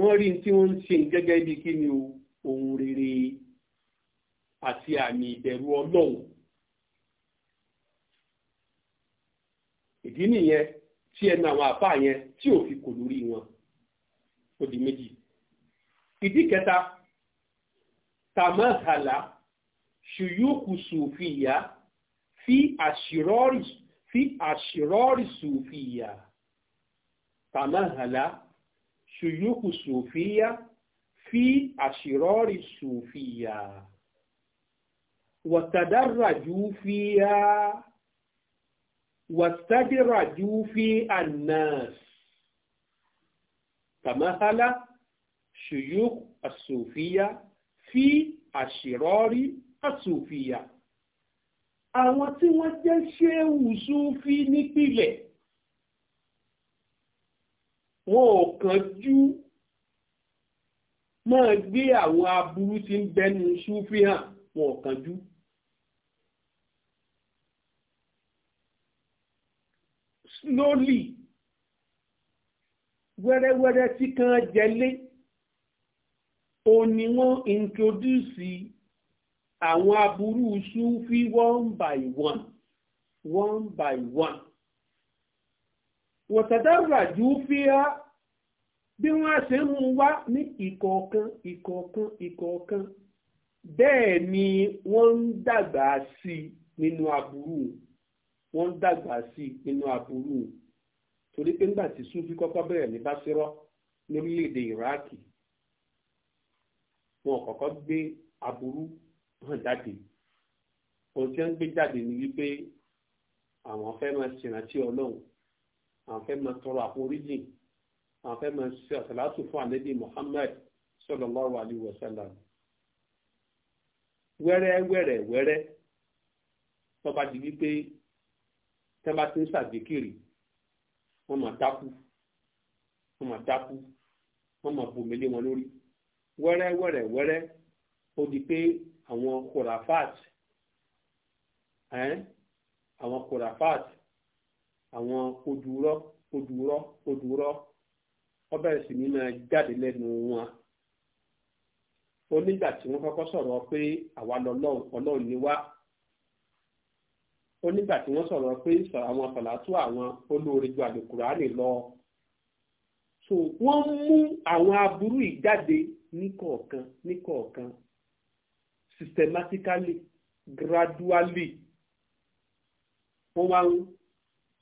wọ́n rí tí wọ́n ń ṣe gẹ́gẹ́ bí kí ni ohun rere àti àmì ìbẹ̀rù ọlọ́run ìdí nìyẹn tí ẹnu àwọn àbá yẹn tí ò fi kò lórí wọn ó di méjì ìdí kẹta tàmáhàlà ṣùyúkù sùfìyà fi àṣìrọ́rì fi àṣìrọ́rì sùfìyà tàmáhàlà ṣùyúkù sùfìyà fi àṣìrọ́rì sùfìyà wàtàdáràjú fìyà. واستدرجوا في الناس تمثل شيوخ الصوفية في أشرار الصوفية àwọn tí wọ́n jẹ́ ṣéwù súnfí nípìlẹ̀ wọn ò kánjú máa gbé àwọn aburú tí ń bẹnu súnfí hàn wọn ò kánjú. slowly wẹ́rẹ́wẹ́rẹ́ tí kan jẹlé òun ni wọ́n introduce àwọn aburú sufi one by one one by one wọ̀tàdàrà jù fíà bí wọ́n ṣe ń wá ní ìkọ̀ọ̀kan ìkọ̀ọ̀kan ìkọ̀ọ̀kan bẹ́ẹ̀ ni wọ́n ń dàgbà sí nínú aburú wọn wọ́n ń dàgbà sí nínú aburú torí pé nígbà tí sufi kọ́kọ́ bẹ̀rẹ̀ ní básírọ́ lórílẹ̀‐èdè iraki wọn kọ́kọ́ gbé aburú hàn jáde ohun tí wọ́n ń gbé jáde ni wípé àwọn fẹ́ máa ṣèrántí ọlọ́run àwọn fẹ́ máa tọrọ àforíjìn àwọn fẹ́ máa ṣe àṣàlátù fún ànábì Muhammad sallallahu alaihi wasallam wẹ́rẹ́ wẹ́rẹ́ wẹ́rẹ́ tó bá di wípé tẹ́ bá ti ń ṣàgbékèrè wọ́n máa dákú wọ́n máa dákú wọ́n máa bòmílé wọn lórí wẹ́rẹ́ wẹ́rẹ́ wẹ́rẹ́ ó di pé àwọn kòràfàt àwọn kòràfàt àwọn odùrọ́ odùrọ́ odùrọ́ wọ́n bẹ̀rẹ̀ sí ní máa jáde lẹ́nu wọn onígbà tí wọ́n kọ́kọ́ sọ̀rọ̀ pé àwa lọ́lọ́run ni wá ó nígbà tí wọ́n sọ̀rọ̀ pé sọ̀rọ̀ àwọn sàlátù àwọn olóore ju àlùkùránì lọ so wọ́n mú àwọn aburú ìjáde níkọ̀ọ̀kan níkọ̀ọ̀kan systematically gradually wọ́n wá ń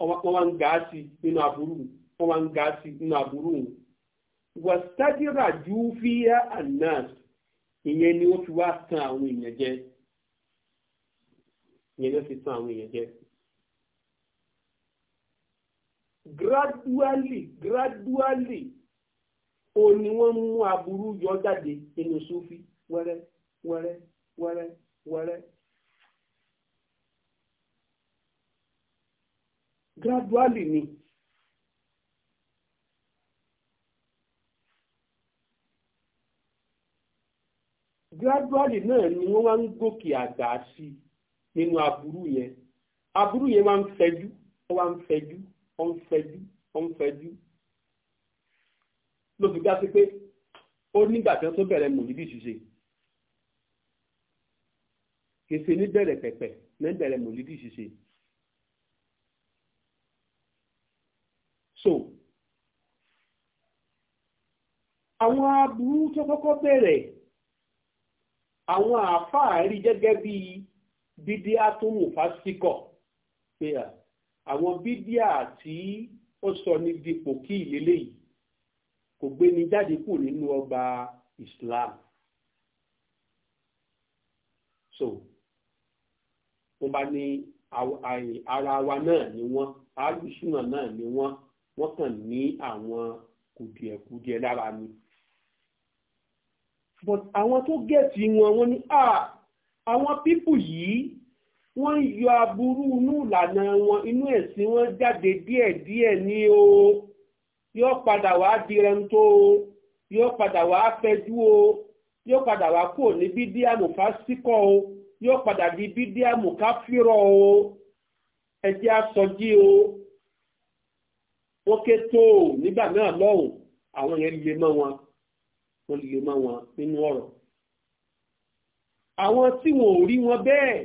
wọ́n wá ń ga sí nínú aburú wọ́n wá ń ga sí nínú aburú wọ́n stadira ju fíyà anas ìyẹn ni wọ́n fi wá tan àwọn èèyàn jẹ ìyẹn ló fi tún àwọn èèyàn jẹ. gradually gradually o ni wọ́n mú aburú yọ jáde nínú sufi wẹ́rẹ́ wẹ́rẹ́ wẹ́rẹ́ wẹ́rẹ́. gradually ni. gradually náà ni wọ́n wá ń gòkè àgbà sí i nínú aburú yẹn aburú yẹn wá ń fẹjú ó wá ń fẹjú ó ń fẹjú ó ń fẹjú ló fi gbá sí pé ó nígbà tí wọ́n tó bẹ̀rẹ̀ mòlídìí ṣiṣẹ́ kèsè ní bẹ̀rẹ̀ pẹ̀pẹ̀ ní bẹ̀rẹ̀ mòlídìí ṣiṣẹ́ so àwọn aburú tó kọ́kọ́ bẹ̀rẹ̀ àwọn àáfàá rí gẹ́gẹ́ bíi bídíà tó mú fásikọ̀ pé àwọn bídíà tí ó sọ ní dipò kí ìlélẹ́ yìí kò gbé ni jáde kù nínú ọgbà Islam so wọ́n bá ní ara wa náà ni wọ́n alùsùnà náà ni wọ́n wọ́n kàn ní àwọn kùdìẹ̀kùdìẹ̀ lára ni but àwọn tó gẹ̀ẹ́tì wọn wọ́n ní ah àwọn pípù yìí wọ́n ń yọ aburú inú ìlànà wọn inú ẹ̀sìn wọn jáde díẹ̀díẹ̀ ní o yóò padà wá dirento o yóò padà wá fẹjú o yóò padà wá kò ní bídíàmù fásikọ o yóò padà di bídíàmù káfírọ o ẹjẹ asọjí o wọ́n ké tó o nígbà náà lọ́hùn àwọn yẹn lè mọ́ wọn wọ́n lè mọ́ wọn nínú ọ̀rọ̀ àwọn tí wọn ò rí wọn bẹ́ẹ̀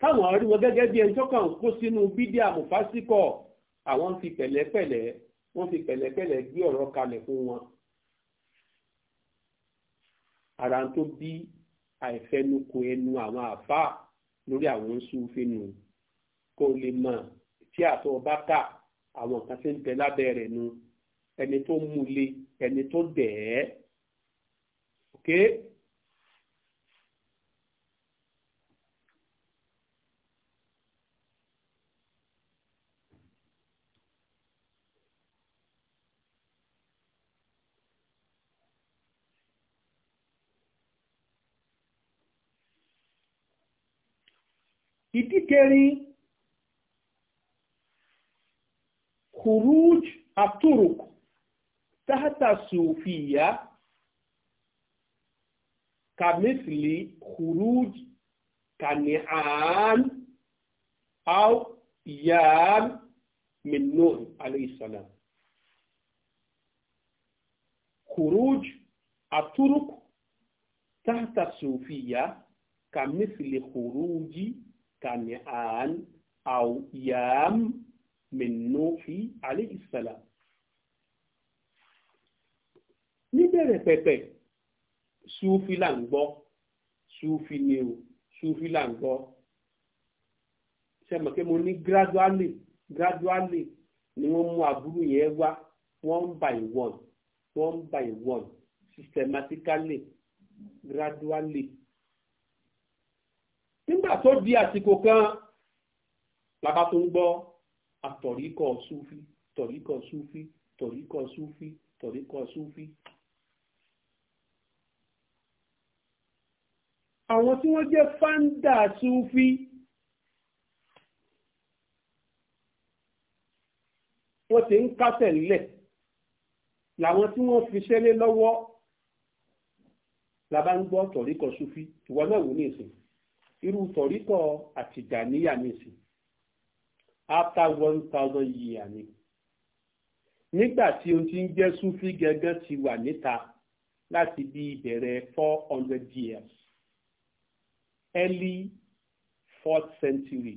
táwọn rí wọn gẹ́gẹ́ bí ẹni tó kàn kó sínú bídíà mùfásíkọ̀ àwọn fi pẹ̀lẹ́pẹ̀lẹ́ wọ́n fi pẹ̀lẹ́pẹ̀lẹ́ gbé ọ̀rọ̀ kalẹ̀ fún wọn. ara ń tó bí àìfẹnukò ẹnu àwọn àfáà lórí àwọn sùnfínù kó lè mọ̀ tí àtọ̀ bá kà àwọn nǹkan tí ń tẹ lábẹ́ rẹ̀ nu ẹni tó múlé ẹni tó dẹ̀ ẹ́. Okay? ايتي خروج الطرق تحت الصوفية كمثل خروج كنعان أو يان من نوح عليه السلام خروج الطرق تحت الصوفية كمثل خروج كمئان أو يام من نوح عليه السلام níbẹ̀rẹ̀ pẹ̀pẹ̀ ṣúfì là ń gbọ́ ṣúfì ni o ṣúfì là ń gbọ́ ṣe mọ̀ pé mo ní gradually gradually ni wọ́n mú aburú yẹn wá one by one one by one systematically gradually nígbà tó di àsìkò kan làbá tó ń gbọ́ àtọ̀ríkọ̀ súfí tọ̀ríkọ̀ súfí tọ̀ríkọ̀ súfí tọ̀ríkọ̀ súfí. àwọn tí wọ́n jẹ́ fáńdà súfí wọ́n ti ń kásẹ̀ nílẹ̀ làwọn tí wọ́n fi ṣẹ́lé lọ́wọ́ làbá ń gbọ́ tọ̀ríkọ̀ súfí ìwọ náà wò ní ìsìn irú tọ̀ríkọ̀ àtìjàníyà nìsín after one thousand years ni nígbà tí ohun tí ń jẹ́ súfì gẹ́gẹ́ ti wà níta láti bí ìbẹ̀rẹ̀ four hundred years early fourth century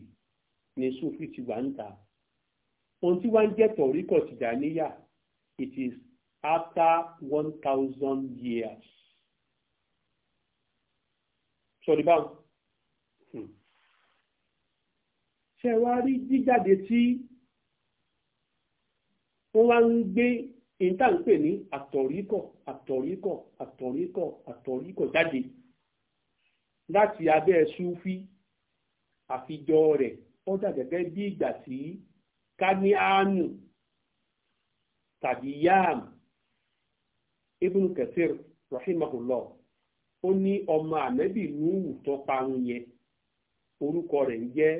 ni súfì ti wà níta ohun tí wọ́n ń jẹ́ tọ̀ríkọ̀ tìjàníyà it is after one thousand years. Sorry, báwo. ṣe wá rí jíjáde tí wọ́n wá ń gbé ìta ń pè ní àtọ̀ríkọ̀ àtọ̀ríkọ̀ àtọ̀ríkọ̀ àtọ̀ríkọ̀ jáde láti abẹ́ sufi àfijọ́ rẹ̀ wọ́n dà gẹ́gẹ́ bí ìgbà tí káníánù tàbí yam ó ní ọmọ ànábì nùhù tó parun yẹn orúkọ rẹ̀ ń jẹ́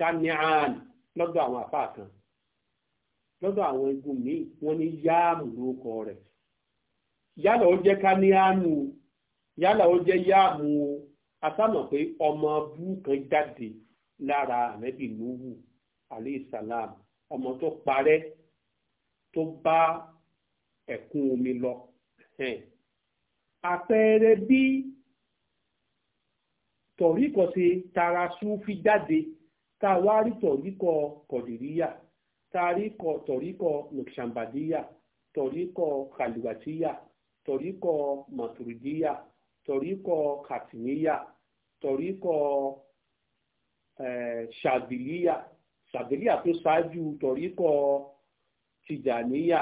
kanian lọ́dọ̀ àwọn àfáà kan lọ́dọ̀ àwọn igun míì wọ́n ní yáàmù lórúkọ rẹ̀ yálà ó jẹ́ kanianu yálà ó jẹ́ yáàmù o asámọ̀ pé ọmọ bú kan jáde lára ànábì nuhu aleyhisalaam ọmọ tó parẹ́ tó bá ẹ̀kún omi lọ àpẹẹrẹ bí tọ̀ríkọ̀ ṣe tara súnfí jáde tá a wá rí tọ̀ríkọ kọ̀dìríyà tá a rí tọ̀ríkọ nùkṣàmbàdíyà tọ̀ríkọ kàlùwàtíyà tọ̀ríkọ màtùrìdíyà tọ̀ríkọ kàtìníyà tọ̀ríkọ ṣàbìlíyà ṣàbìlíyà tó ṣáájú tọ̀ríkọ tìjàníyà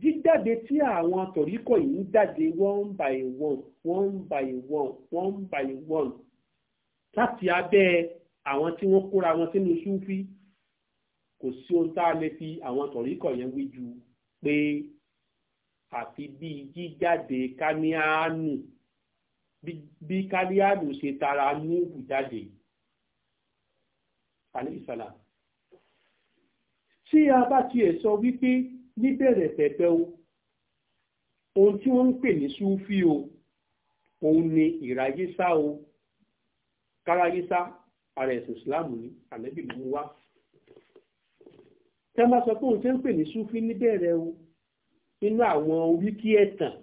jíjáde tí àwọn tọ̀ríkọ̀ yìí ń jáde one by one one by one one by one láti abẹ́ àwọn tí wọ́n kóra wọn sínú súfí kò sí ohun tá a lè fi àwọn tọ̀ríkọ̀ yẹn wí ju pé àfi bíi jíjáde káníánù bí káníánù ṣe tara núùbù jáde àníṣàlà tí a bá tiẹ̀ sọ wípé níbẹ̀rẹ̀ pẹ̀pẹ̀ o ohun tí wọ́n ń pè ní súfí o òun ni ìráyésá o káráyésá ara ẹ̀sìn ìsìláàmù ni ànábì ló mú wá. tẹ́ máa sọ pé òun ṣe ń pè ní súfí níbẹ̀rẹ̀ o nínú àwọn wíkí ẹ̀tàn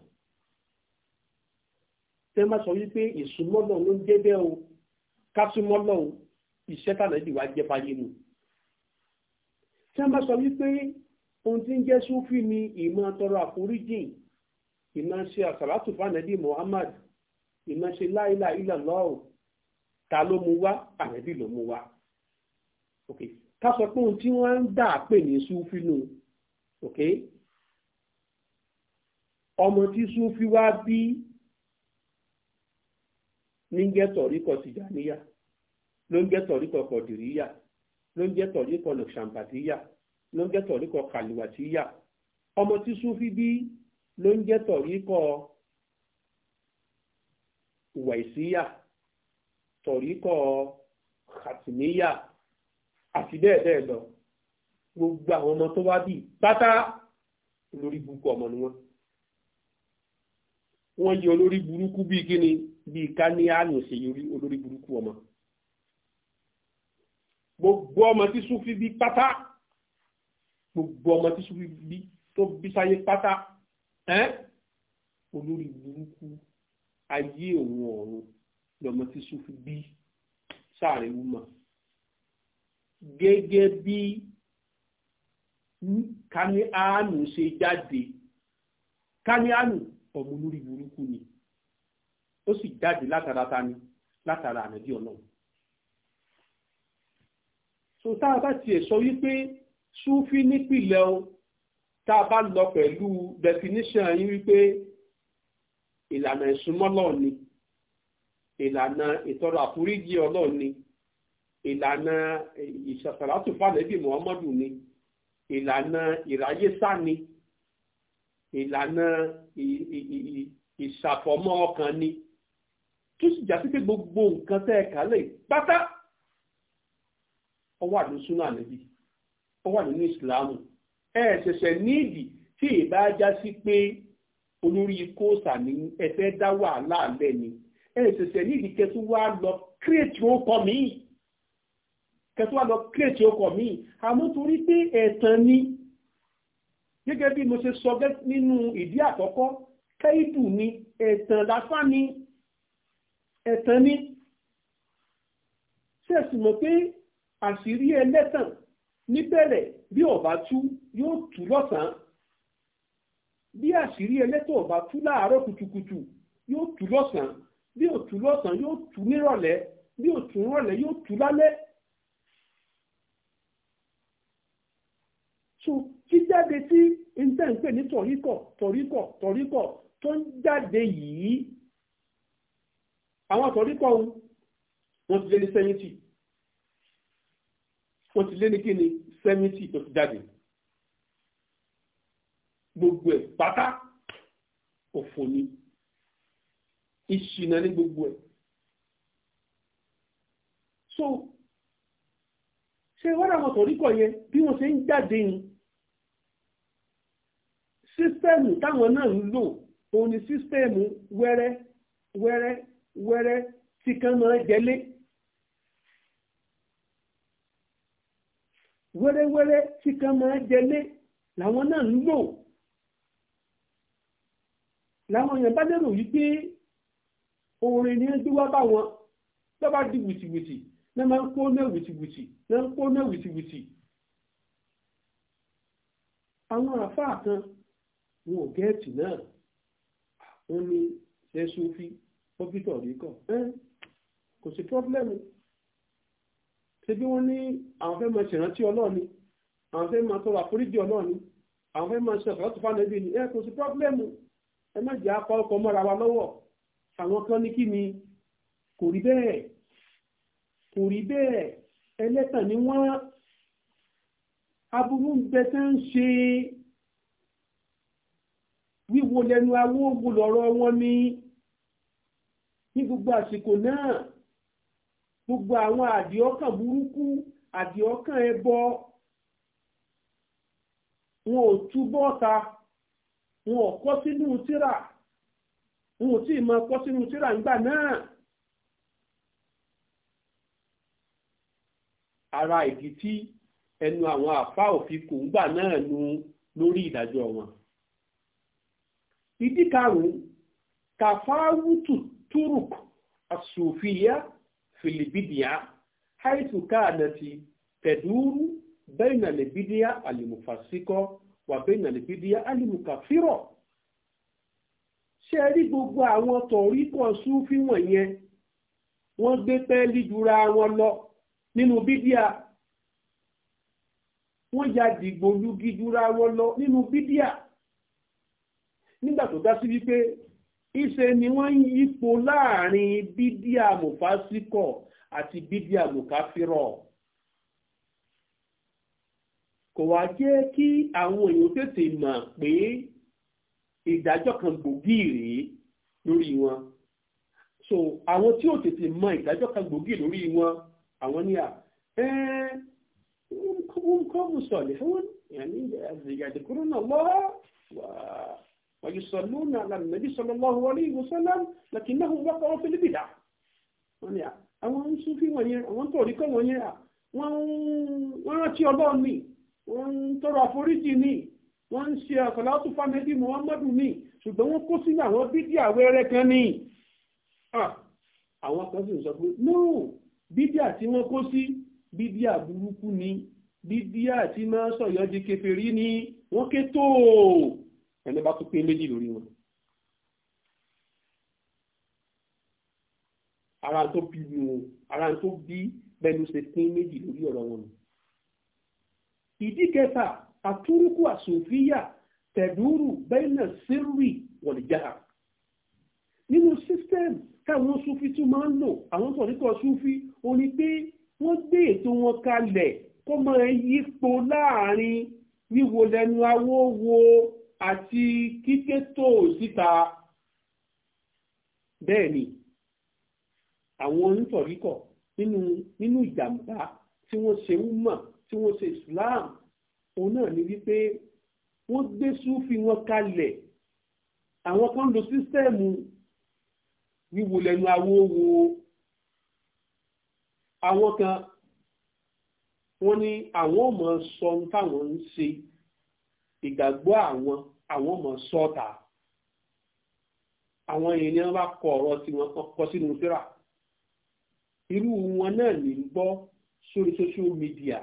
tẹ́ máa sọ wípé ìsúnmọ́lọ̀ ló ń jẹ́ bẹ́ẹ̀ o kásúmọ́lọ̀ o iṣẹ́ tànábì wá jẹ́ fáyé nù. tẹ́ máa sọ wípé ohun tí ń jẹ́ súfí ni ìmọ̀ tọrọ àforíjì ìmọ̀ ṣe àsàlátù fún Muhammad ìmọ̀ ṣe láìláìlà lọ́wọ́ ta ló mu wá ànábì ló ok ká sọ pé ohun tí wọ́n ń dà pè ní ok ọmọ tí súfì wá bí ní ń jẹ́ tọ̀ríkọ̀ tìjàníyà ló ń jẹ́ tọ̀ríkọ̀ kọ̀dìríyà ló ń jẹ́ tọ̀ríkọ̀ lọ̀ṣàǹbàdíyà ló ń ọmọ tí súfì bí ló ń jẹ́ tọ̀ríkọ̀ wàìsíyà. tọ̀ríkọ̀ kàtìníyà àti bẹ́ẹ̀ bẹ́ẹ̀ lọ gbogbo àwọn ọmọ tó wá bí pátá lórí burúkú ọmọ ni wọn wọn yẹ olórí burúkú bíi kíni bíi ká ní àánú sí olórí burúkú ọmọ gbogbo ọmọ tí súnfí bí pátá gbogbo ọmọ tí súnfí bí tó bí sáyé pátá ẹ olórí burúkú ayé òun ọ̀run lọ́mọ tí sufi bí sáré wúmọ̀ gẹ́gẹ́ bí kání àánú ṣe jáde kání àánú ọmọ olórí burúkú ni ó sì jáde látara ta ni látara ànábì ọlọ́run so tá a bá tiẹ̀ sọ wípé sufi nípìnlẹ̀ o tá a bá lọ pẹ̀lú definition yín wípé ìlànà ìsúnmọ́lọ́ ni ìlànà ìtọrọ àforíjì ọlọ́run ni ìlànà ìṣàṣàlátù fàlẹ́bí muhammadu ni ìlànà ìráyésá ni ìlànà ìṣàfọ̀mọ́ ọkàn ni tó sì jásí pé gbogbo nǹkan tẹ́ ẹ kálẹ̀ pátá ó wà ní súnà níbi ó wà nínú ẹ ṣẹ̀ṣẹ̀ níìdì tí ìbá já pé olórí kóòsà ni ẹ fẹ́ dá wàhálà lẹ́ni ẹ̀sẹ̀sẹ̀ nídìí kẹtù wá lọ kírètì ọkọ míì kẹtù wá lọ kírètì ọkọ míì àmọ́ torí pé ẹ̀tàn ni gẹ́gẹ́ bí mo ṣe sọ nínú ìdí àkọ́kọ́ kẹ́ìdù ni ẹ̀tàn lásán ni ẹ̀tàn ni ṣẹ̀sì mọ̀ pé àṣírí ẹlẹ́tàn níbẹ̀rẹ̀ bí ọ̀bá tú yóò tú lọ́sàn-án bí àṣírí ẹlẹ́tàn ọ̀bá tú láàárọ̀ kùtùkùtù yóò tú lọ́sàn-án bí ò lọ́sàn yóò tú nírọ̀lẹ́ bí ò nírọ̀lẹ́ yóò tú lálẹ́. so jíjáde tí intanpe ní tọ̀ríkọ̀ tọ̀ríkọ̀ tọ̀ríkọ̀ tó ń jáde yìí àwọn tọ̀ríkọ̀ wọn ti lé ní sẹ́yìntì wọ́n ti lé ní kí ni sẹ́mìtì tó ti jáde gbogbo ẹ̀ pátá òfò ni ìṣìnà ní gbogbo ẹ̀ so ṣe wọ́n àwọn tọ̀ríkọ̀ yẹn bí wọ́n ṣe ń jáde ní sísítẹ́ẹ̀mù táwọn náà ń lò òun ni sísítẹ́ẹ̀mù wẹ́rẹ́ wẹ́rẹ́ wẹ́rẹ́ tí kan máa jẹlé wẹ́rẹ́wẹ́rẹ́ tí kan máa jẹlé làwọn náà ń lò làwọn èèyàn bá lérò wípé orin ní ẹgbẹ́ wá bá wọn tó bá di wìtìwìtì ní máa ń kó náà wìtìwìtì ní ń kó náà wìtìwìtì. àwọn àáfàá kan wọn ò gẹ́ẹ̀tì náà wọn ní ṣe sófì pọ́fítọ̀ rí kọ̀ kò sí pọ́blẹ́mù ṣebí wọ́n ní àwọn fẹ́ máa ṣèrántí ọlọ́ọ̀ni àwọn fẹ́ máa tọrọ àforíjì ọlọ́ọ̀ni àwọn fẹ́ máa ṣe ọ̀sán tó fánà ẹbí ni ẹ kò sí pọ́blẹ́mù ẹ má jẹ́ apá ọkọ̀ mọ́ra wa lọ́wọ́. àwọn kan ní kí ni kò rí bẹ́ẹ̀ kò rí bẹ́ẹ̀ ẹlẹ́tàn ni wọ́n aburú ń bẹ tán ń ṣe wíwo lẹ́nu awóògùn lọ́rọ̀ wọn ni ní gbogbo àsìkò náà gbogbo àwọn àdìọ́kàn burúkú àdìọ́kàn ẹbọ wọn ò túbọ̀ ta wọn ò kọ́ sínú tírà. n ò tí ì mọ kọ́ sínú tíra ńgbà náà. ara ìdí tí ẹnu àwọn àfa òfin kò ń gbà náà nu lórí ìdájọ́ wọn. ìdí karùn-ún tàfáwùtù túrùk àsòfìyà fìlìbìdìyà haitu káàdàtì tẹ̀dúrú bẹ́ẹ̀ nà lè wà bẹ́ẹ̀ nà àlìmùkàfírọ̀. ṣe rí gbogbo àwọn tọ̀ríkọ̀ súnfí wọ̀nyẹn wọ́n gbé pẹ́ẹ́lí jura wọn lọ nínú bídíà wọ́n ya dìgbò lugi jura wọn lọ nínú bídíà nígbà tó dá sí wípé ìṣe ni wọ́n ń yípo láàrin bídíà mùfásíkọ̀ àti bídíà mùkáfírọ̀ kò wá jẹ́ kí àwọn èèyàn tètè mọ̀ pé ìdájọ́ kan gbòógì rèé lórí wọn so àwọn tí ò tètè mọ ìdájọ́ kan gbòógì lórí wọn àwọn ní à ẹ́ nǹkan mú sọ̀lẹ̀ fún yàní àdìgàdìkúrú náà lọ́wọ́ wà yìí sọ lónà àlàmìnàbí sọlọ lọ́wọ́ rí ìwòsànlá làkì náà wọ́n bá wọn fẹ́lẹ́ bìdá wọn ni à àwọn ń sún fí wọ̀nyẹn àwọn tó rí kọ́ wọ̀nyẹn à wọ́n rántí ọlọ́ọ̀ mi wọ́n ń tọrọ àforíjì mi wọ́n ń ṣe àsàlátù fámẹ́dì muhammadu ní ṣùgbọ́n wọ́n kó sínú àwọn bídíà wẹ́rẹ́ kan ní àwọn kan sì sọ pé no bídíà tí wọ́n kó sí bídíà burúkú ni bídíà tí máa sọ̀yọ́ di kèfèrí ni wọ́n ké tó ẹni bá tún pé méjì lórí wọn. ara tó bí mi o ara tó bí bẹnu ṣe pín méjì lórí ọ̀rọ̀ wọn. ìdí kẹta àtúrúkú àsòfíyà tẹ̀dúrù bẹ́ẹ̀nà sírì wọ̀lìjára nínú system táwọn súfí tún máa ń lò àwọn sọ̀ríkọ̀ súfí o ní pé wọ́n gbé ètò wọn kalẹ̀ kó máa yípo láàrin wíwo lẹ́nu awówo àti kíké tó síta bẹ́ẹ̀ ni àwọn onítọ̀ríkọ̀ nínú nínú ìjàmbá tí wọ́n ṣe ń mọ̀ tí wọ́n ṣe Islam òun náà ni wípé wọ́n gbé súfì wọn kalẹ̀ àwọn kan lo sísítẹ́ẹ̀mù wíwo lẹ́nu awo wo àwọn kan wọ́n ní àwọn ọmọ sọ ohun táwọn ń ṣe ìgbàgbọ́ àwọn àwọn ọmọ sọ́ọ̀tà àwọn èèyàn bá kọ ọ̀rọ̀ tí wọ́n kọ sínú síra irú wọn náà ní gbọ́ sórí social media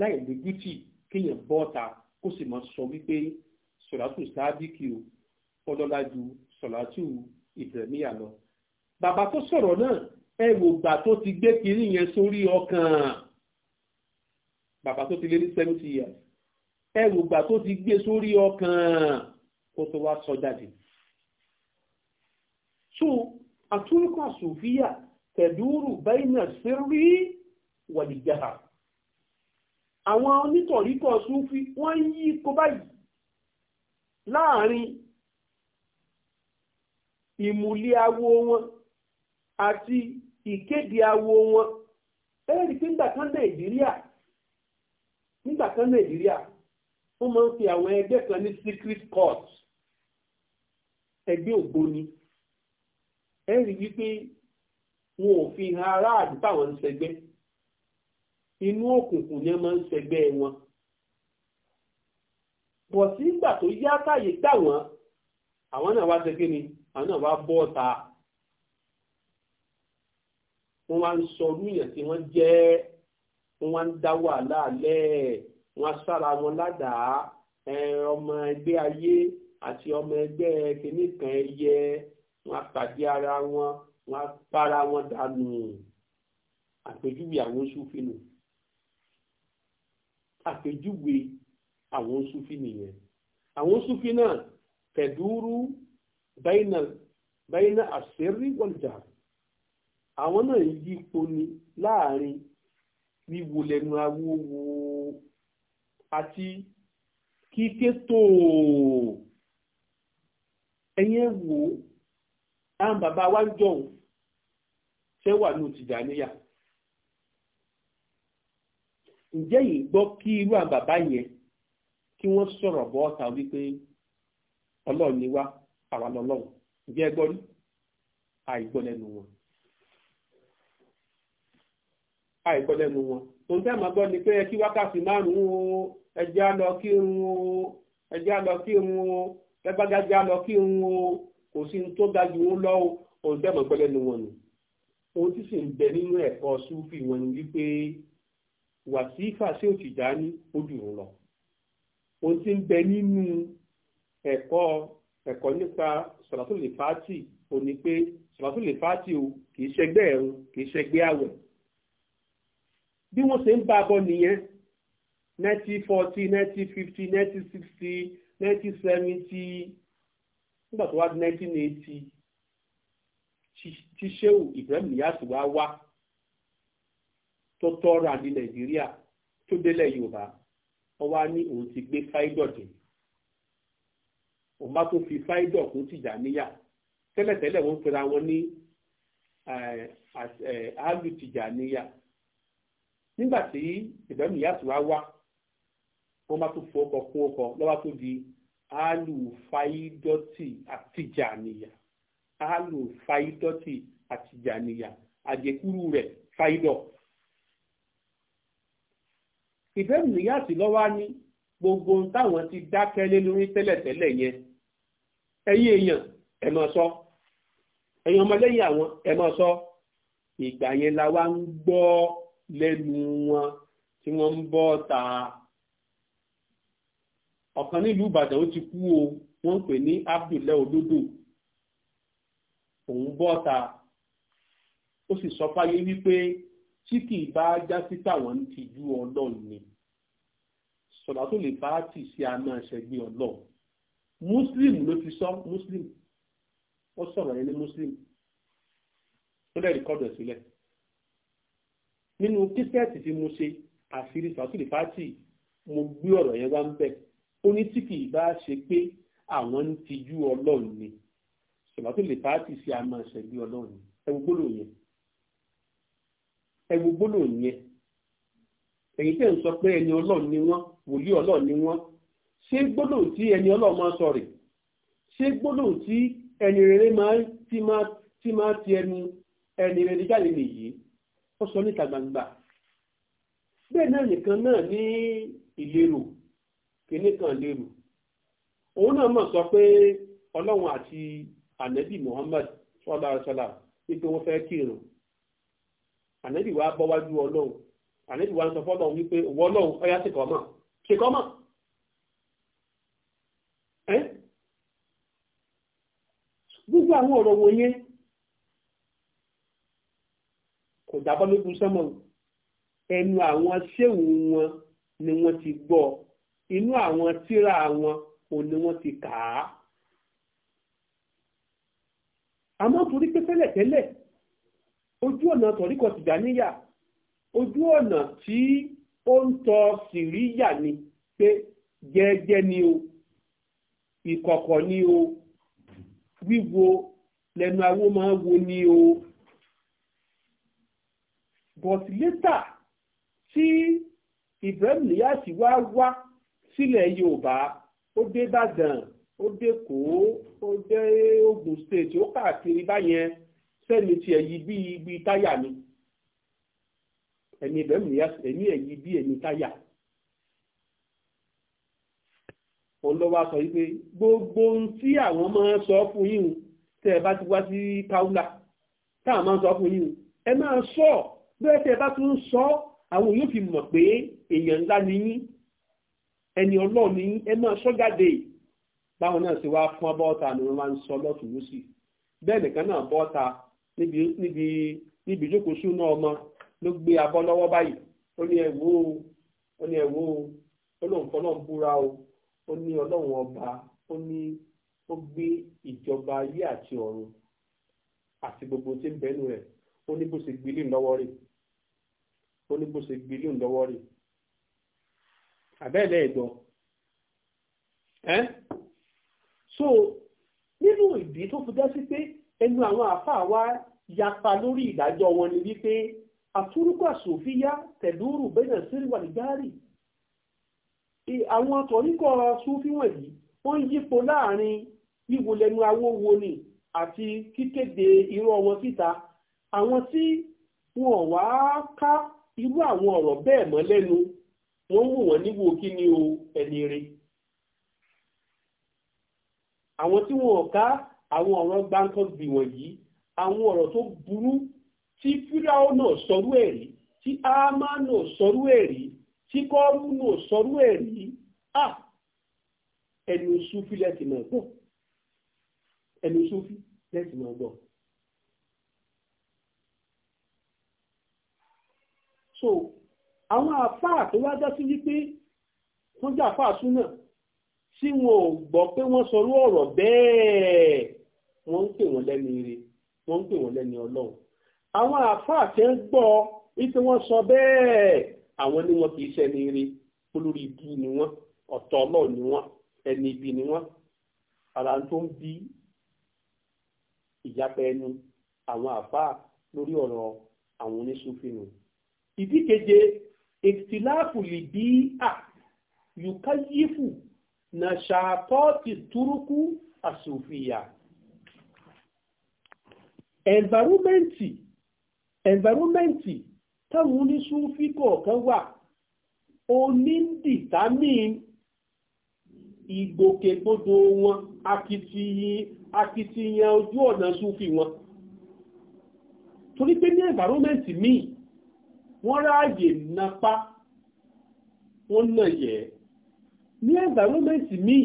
láì lójútì kéèyàn bọ́ ọ̀tà kó sì máa sọ wípé sọ̀látù sábìkì o ọlọ́lá ju sọ̀látù ìbẹ̀míyà lọ. bàbá tó sọ̀rọ̀ náà ẹ wò gbà tó ti gbé kiri yẹn sórí ọkàn bàbá tó ti lé ní seventy years ẹ wò gbà tó ti gbé sórí ọkàn kó tó wá sọ jáde. so àtúnkà sòfíà tẹ̀dúrù bẹ́ẹ̀ náà sẹ́rí wàlíjà àwọn onítọ̀ríkọ̀ súnfí wọ́n ń yí kó báyìí láàrin ìmùlẹ̀ awo wọn àti ìkéde awo wọn ẹ̀rí pé nígbà kan nàìjíríà nígbà kan nàìjíríà wọ́n máa ń fi àwọn ẹgbẹ́ kan ní secret court ẹgbẹ́ ògbóni ẹ̀rí wípé wọn ò fi hàn aráàlú táwọn ń ṣẹgbẹ́ inú òkùnkùn ni wọ́n máa ń ṣẹgbẹ́ wọn bọ̀ sí ìgbà tó yá táyé gbà wọ́n àwọn náà wá ṣe kí ni àwọn náà wá bọ́ ọ̀ta wọ́n wá ń sọ orú yẹn tí wọ́n jẹ́ wọ́n wá ń dá wàhálà lẹ́ẹ̀ wọ́n á sára wọn ládàá ọmọ ẹgbẹ́ ayé àti ọmọ ẹgbẹ́ kìíní ẹyẹ wọ́n á pàdé ara wọn wọ́n á para wọn dànù àpèjúwe àwọn sùfìnù àpèjúwe àwọn sufi nìyẹn àwọn sufi náà tẹ̀dúrú bẹ́ẹ̀nà bẹ́ẹ̀nà àṣírí wọ̀lìjà àwọn náà yí ipò ni láàrin wíwo lẹ́nu awúwo àti kíké tóo ẹ̀yẹ́ wò á bàbá wa ń jọ̀hún ṣẹ́wà ní òtìjà níyà ǹjẹ́ yìí gbọ́ kí irú àwọn bàbá yẹn kí wọ́n sọ̀rọ̀ bọ́ ọ̀tá wípé ọlọ́run ni wá àwa lọ́lọ́run ǹjẹ́ gbọ́ rí àìgbọ́ wọn. àìgbọ́ wọn tó ń tẹ́ máa gbọ́ ni pé ẹ kí wákàtí márùn-ún o ẹjẹ́ á lọ kírun o ẹjẹ́ á lọ kírun o lẹ́gbàgájá lọ kírun o kò sí tó ga jù ú lọ òun tẹ́ máa gbọ́ wọn nù. ohun tí sì ń bẹ nínú ẹ̀kọ́ súfì wọn ni wípé wàsífà sí òtìjà ní ojú òun lọ ohun tí ń bẹ nínú ẹ̀kọ́ ẹ̀kọ́ nípa sọ̀rọ̀tò lè fàátì ò ní pé sọ̀rọ̀tò lè fàátì o kì í ṣẹgbẹ́ ẹ̀rùn kì í ṣẹgbẹ́ àwẹ̀ bí wọ́n ṣe ń bá a bọ̀ nìyẹn nineteen forty nineteen fifty nineteen sixty nineteen seventy nígbà tó wá nineteen eighty tí ṣéwù Ibrahim Niyass wá wá tó tọ́ra ní nàìjíríà tó délẹ̀ yorùbá wọ́n ní òun ti gbé fáídọ̀ dé òun bá tó fi fáídọ̀ kún tìjà níyà tẹ́lẹ̀tẹ́lẹ̀ wọ́n wọn ní áàlù eh, eh, tìjà níyà nígbà tí ìbẹ̀rù ìyàtọ̀ wá wá wọ́n bá tó kún lọ́wọ́ tó di áàlù àtìjà níyà áàlù àtìjà níyà àjẹkúrú rẹ̀ ìfẹ́ nìyàtì lọ́wọ́ ní gbogbo táwọn ti dákẹ́ lé lórí tẹ́lẹ̀tẹ́lẹ̀ yẹn ẹ̀yin èèyàn ẹ máa sọ ẹ̀yin ọmọlẹ́yìn àwọn ẹ máa sọ ìgbà yẹn la wá ń gbọ́ lẹ́nu wọn tí wọ́n ń bọ́ ta ọ̀kan nílùú Ìbàdàn ó ti kú o wọ́n ń pè ní Abdullahi Olódò òun bọ́ ta ó sì sọ fáyé wípé tí kì í bá já sí táwọn ti ju ọlọ́run ni sọ̀dá tó lè bá tì sí àmọ́ ẹ̀ṣẹ̀gbẹ́ ọlọ́run muslim ló ti sọ muslim ó sọ̀rọ̀ yẹn ní muslim tó lẹ́ rìkọ́dù ẹ̀ sílẹ̀ nínú kíṣẹ́ẹ̀tì tí mo ṣe àṣírí sàtúlì pàtì mo gbé ọ̀rọ̀ yẹn wá ń bẹ̀ ó ní tí kì í bá ṣe pé àwọn ń tijú ọlọ́run ni sọ̀rọ̀ tó lè pàtì sí àmọ́ ẹ̀ṣẹ̀gbẹ́ ọlọ́run ẹ̀ gbólóhùn yẹn ẹwu gbọ́dọ̀ yẹn èyí tẹ̀ ń sọ pé ẹni ọlọ́run ni wọ́n wòlíì ọlọ́run ni wọ́n ṣé gbọ́dọ̀ tí ẹni ọlọ́run máa sọ rè ṣé gbọ́dọ̀ tí ẹni rere máa ti máa ti máa ti ẹnu ẹni rere jáde nìyí ó sọ níta gbangba bẹ́ẹ̀ náà nìkan náà ní ìlérò kìíní kan lérò òun náà mọ̀ sọ pé ọlọ́run àti ànẹ́bì Muhammad sọ́lá sọ́lá wípé wọ́n fẹ́ kírun ànábì wa bọ́ wájú ọlọ́run ànábì wa ń sọ fọ́lọ́run wípé òwò ọlọ́run ọyá sì kọ́ mọ̀ ṣe kọ́ mọ̀ ẹ́ gbogbo àwọn ọ̀rọ̀ wọ̀nyẹn kò jábọ́ lókun sọ́mọ́ ẹnu àwọn ṣéwù wọn ni wọ́n ti gbọ́ inú àwọn tírà wọn ò ní wọ́n ti kà á àmọ́ torí pé tẹ́lẹ̀tẹ́lẹ̀ ojú ọ̀nà tọ̀ríkọ̀ tìjàníyà ojú ọ̀nà tí ó ń tọ síríyà ni pé jẹ́ẹ́jẹ́ ni o ìkọ̀kọ̀ ni o wíwo lẹ́nu awó máa ń wo ni o but later tí Ibrahim Niyasi wá wá sílẹ̀ Yorùbá ó dé Ìbàdàn ó dé Èkó ó dé Ogun State ó káàkiri báyẹn sẹ́mi tiẹ̀ yí bí ibi táyà ni ẹ̀mí ìbẹ̀rù nìyà ẹ̀mí ẹ̀ yí bí ẹ̀mí táyà olówó aṣọ yìí pé gbogbo ohun tí àwọn máa ń sọ fún yín tẹ́ ẹ bá ti wá sí káúlà táwọn máa sọ fún yín ẹ máa sọ bẹ́ẹ̀ tẹ́ ẹ bá tún sọ àwọn yóò fi mọ̀ pé èèyàn ńlá ni yín ẹni ọlọ́ọ̀ ni yín ẹ máa sọ jáde báwọn náà ṣe wá fún ọbọ̀ ọ̀tá ni wọ́n máa ń sọ lọ́tùnúsì bẹ́ẹ̀ nìkan náà bọ́ ọ̀tá níbi níbi níbi ìjókòó súná ọmọ ló gbé abọ́ lọ́wọ́ báyìí ó ní ẹ̀wò o ó ní ẹ̀wò o ó lóun kọ́ náà búra o ó ní ọlọ́run ọba ó ní ó gbé ìjọba ayé àti ọ̀run àti gbogbo tí ń bẹ́nu rẹ̀ ó ní bó ṣe gbilé lọ́wọ́ rẹ̀ ó ní bó ṣe gbilé lọ́wọ́ rẹ̀ àbẹ́ẹ̀lẹ́ ẹ̀dọ́ ẹ́ so nínú ìdí tó fi dá sí pé ẹnu àwọn àfáà wa yapa lórí ìdájọ́ wọn ni wípé àtúrúkọ àsòfíyá tẹ̀dúrù bẹ́nà sílùwà nìgbárì àwọn tọ̀ríkọ̀ súnfí wọ̀nyí wọ́n yípo láàrin wíwo lẹ́nu awówo ni àti kíkéde irọ́ wọn síta àwọn tí wọn wá ká irú àwọn ọ̀rọ̀ bẹ́ẹ̀ mọ́ lẹ́nu wọ́n mú wọn níwò kí ni o ẹni rẹ̀ àwọn tí wọn ká àwọn ọ̀rọ̀ gbáǹkọ́gbì wọ̀nyí àwọn ọ̀rọ̀ tó burú tí fíráò náà sọrú ẹ̀ rí tí ámá náà sọrú ẹ̀ rí tí kọ́ọ̀rù náà sọrú ẹ̀ rí à ẹnu sufi lẹ́sìn máa gbọ́ ẹnu sufi lẹ́sìn máa gbọ́. so àwọn àfáà tó wá já sí wípé wọ́n jà fáà súnà tí wọn ò gbọ́ pé wọ́n sọrú ọ̀rọ̀ bẹ́ẹ̀. wọ́n ń pè wọ́n lẹ́ni ire wọ́n ń pè wọ́n lẹ́ni ọlọ́run àwọn àáfàá tẹ́ ń gbọ́ wípé wọ́n sọ bẹ́ẹ̀ àwọn ni wọ́n kì í ṣẹni ire olórí ibi ni wọ́n ọ̀tọ̀ ọlọ́run ni wọ́n ẹni ibi ni wọ́n ara tó ń bí ìyapẹ ẹnu àwọn àáfàá lórí ọ̀rọ̀ àwọn oníṣòfinù ìdí keje ìtìláàfù lè bí à yùkáyífù nàṣàtọ́ ti túrúkú àṣòfìyà ẹ̀ǹvàrómẹ́ǹtì ẹ̀ǹvàrómẹ́ǹtì táwọn oníṣúfí kọ̀ọ̀kan wà onídìtámìn ìgbòkègbodò wọn akitiyan ojú ọ̀nà súfí wọn torí pé ní ẹ̀ǹvàrómẹ́ǹtì míì wọ́n ráàyè napá wọ́n nà yẹ̀ ní ẹ̀ǹvàrómẹ́ǹtì míì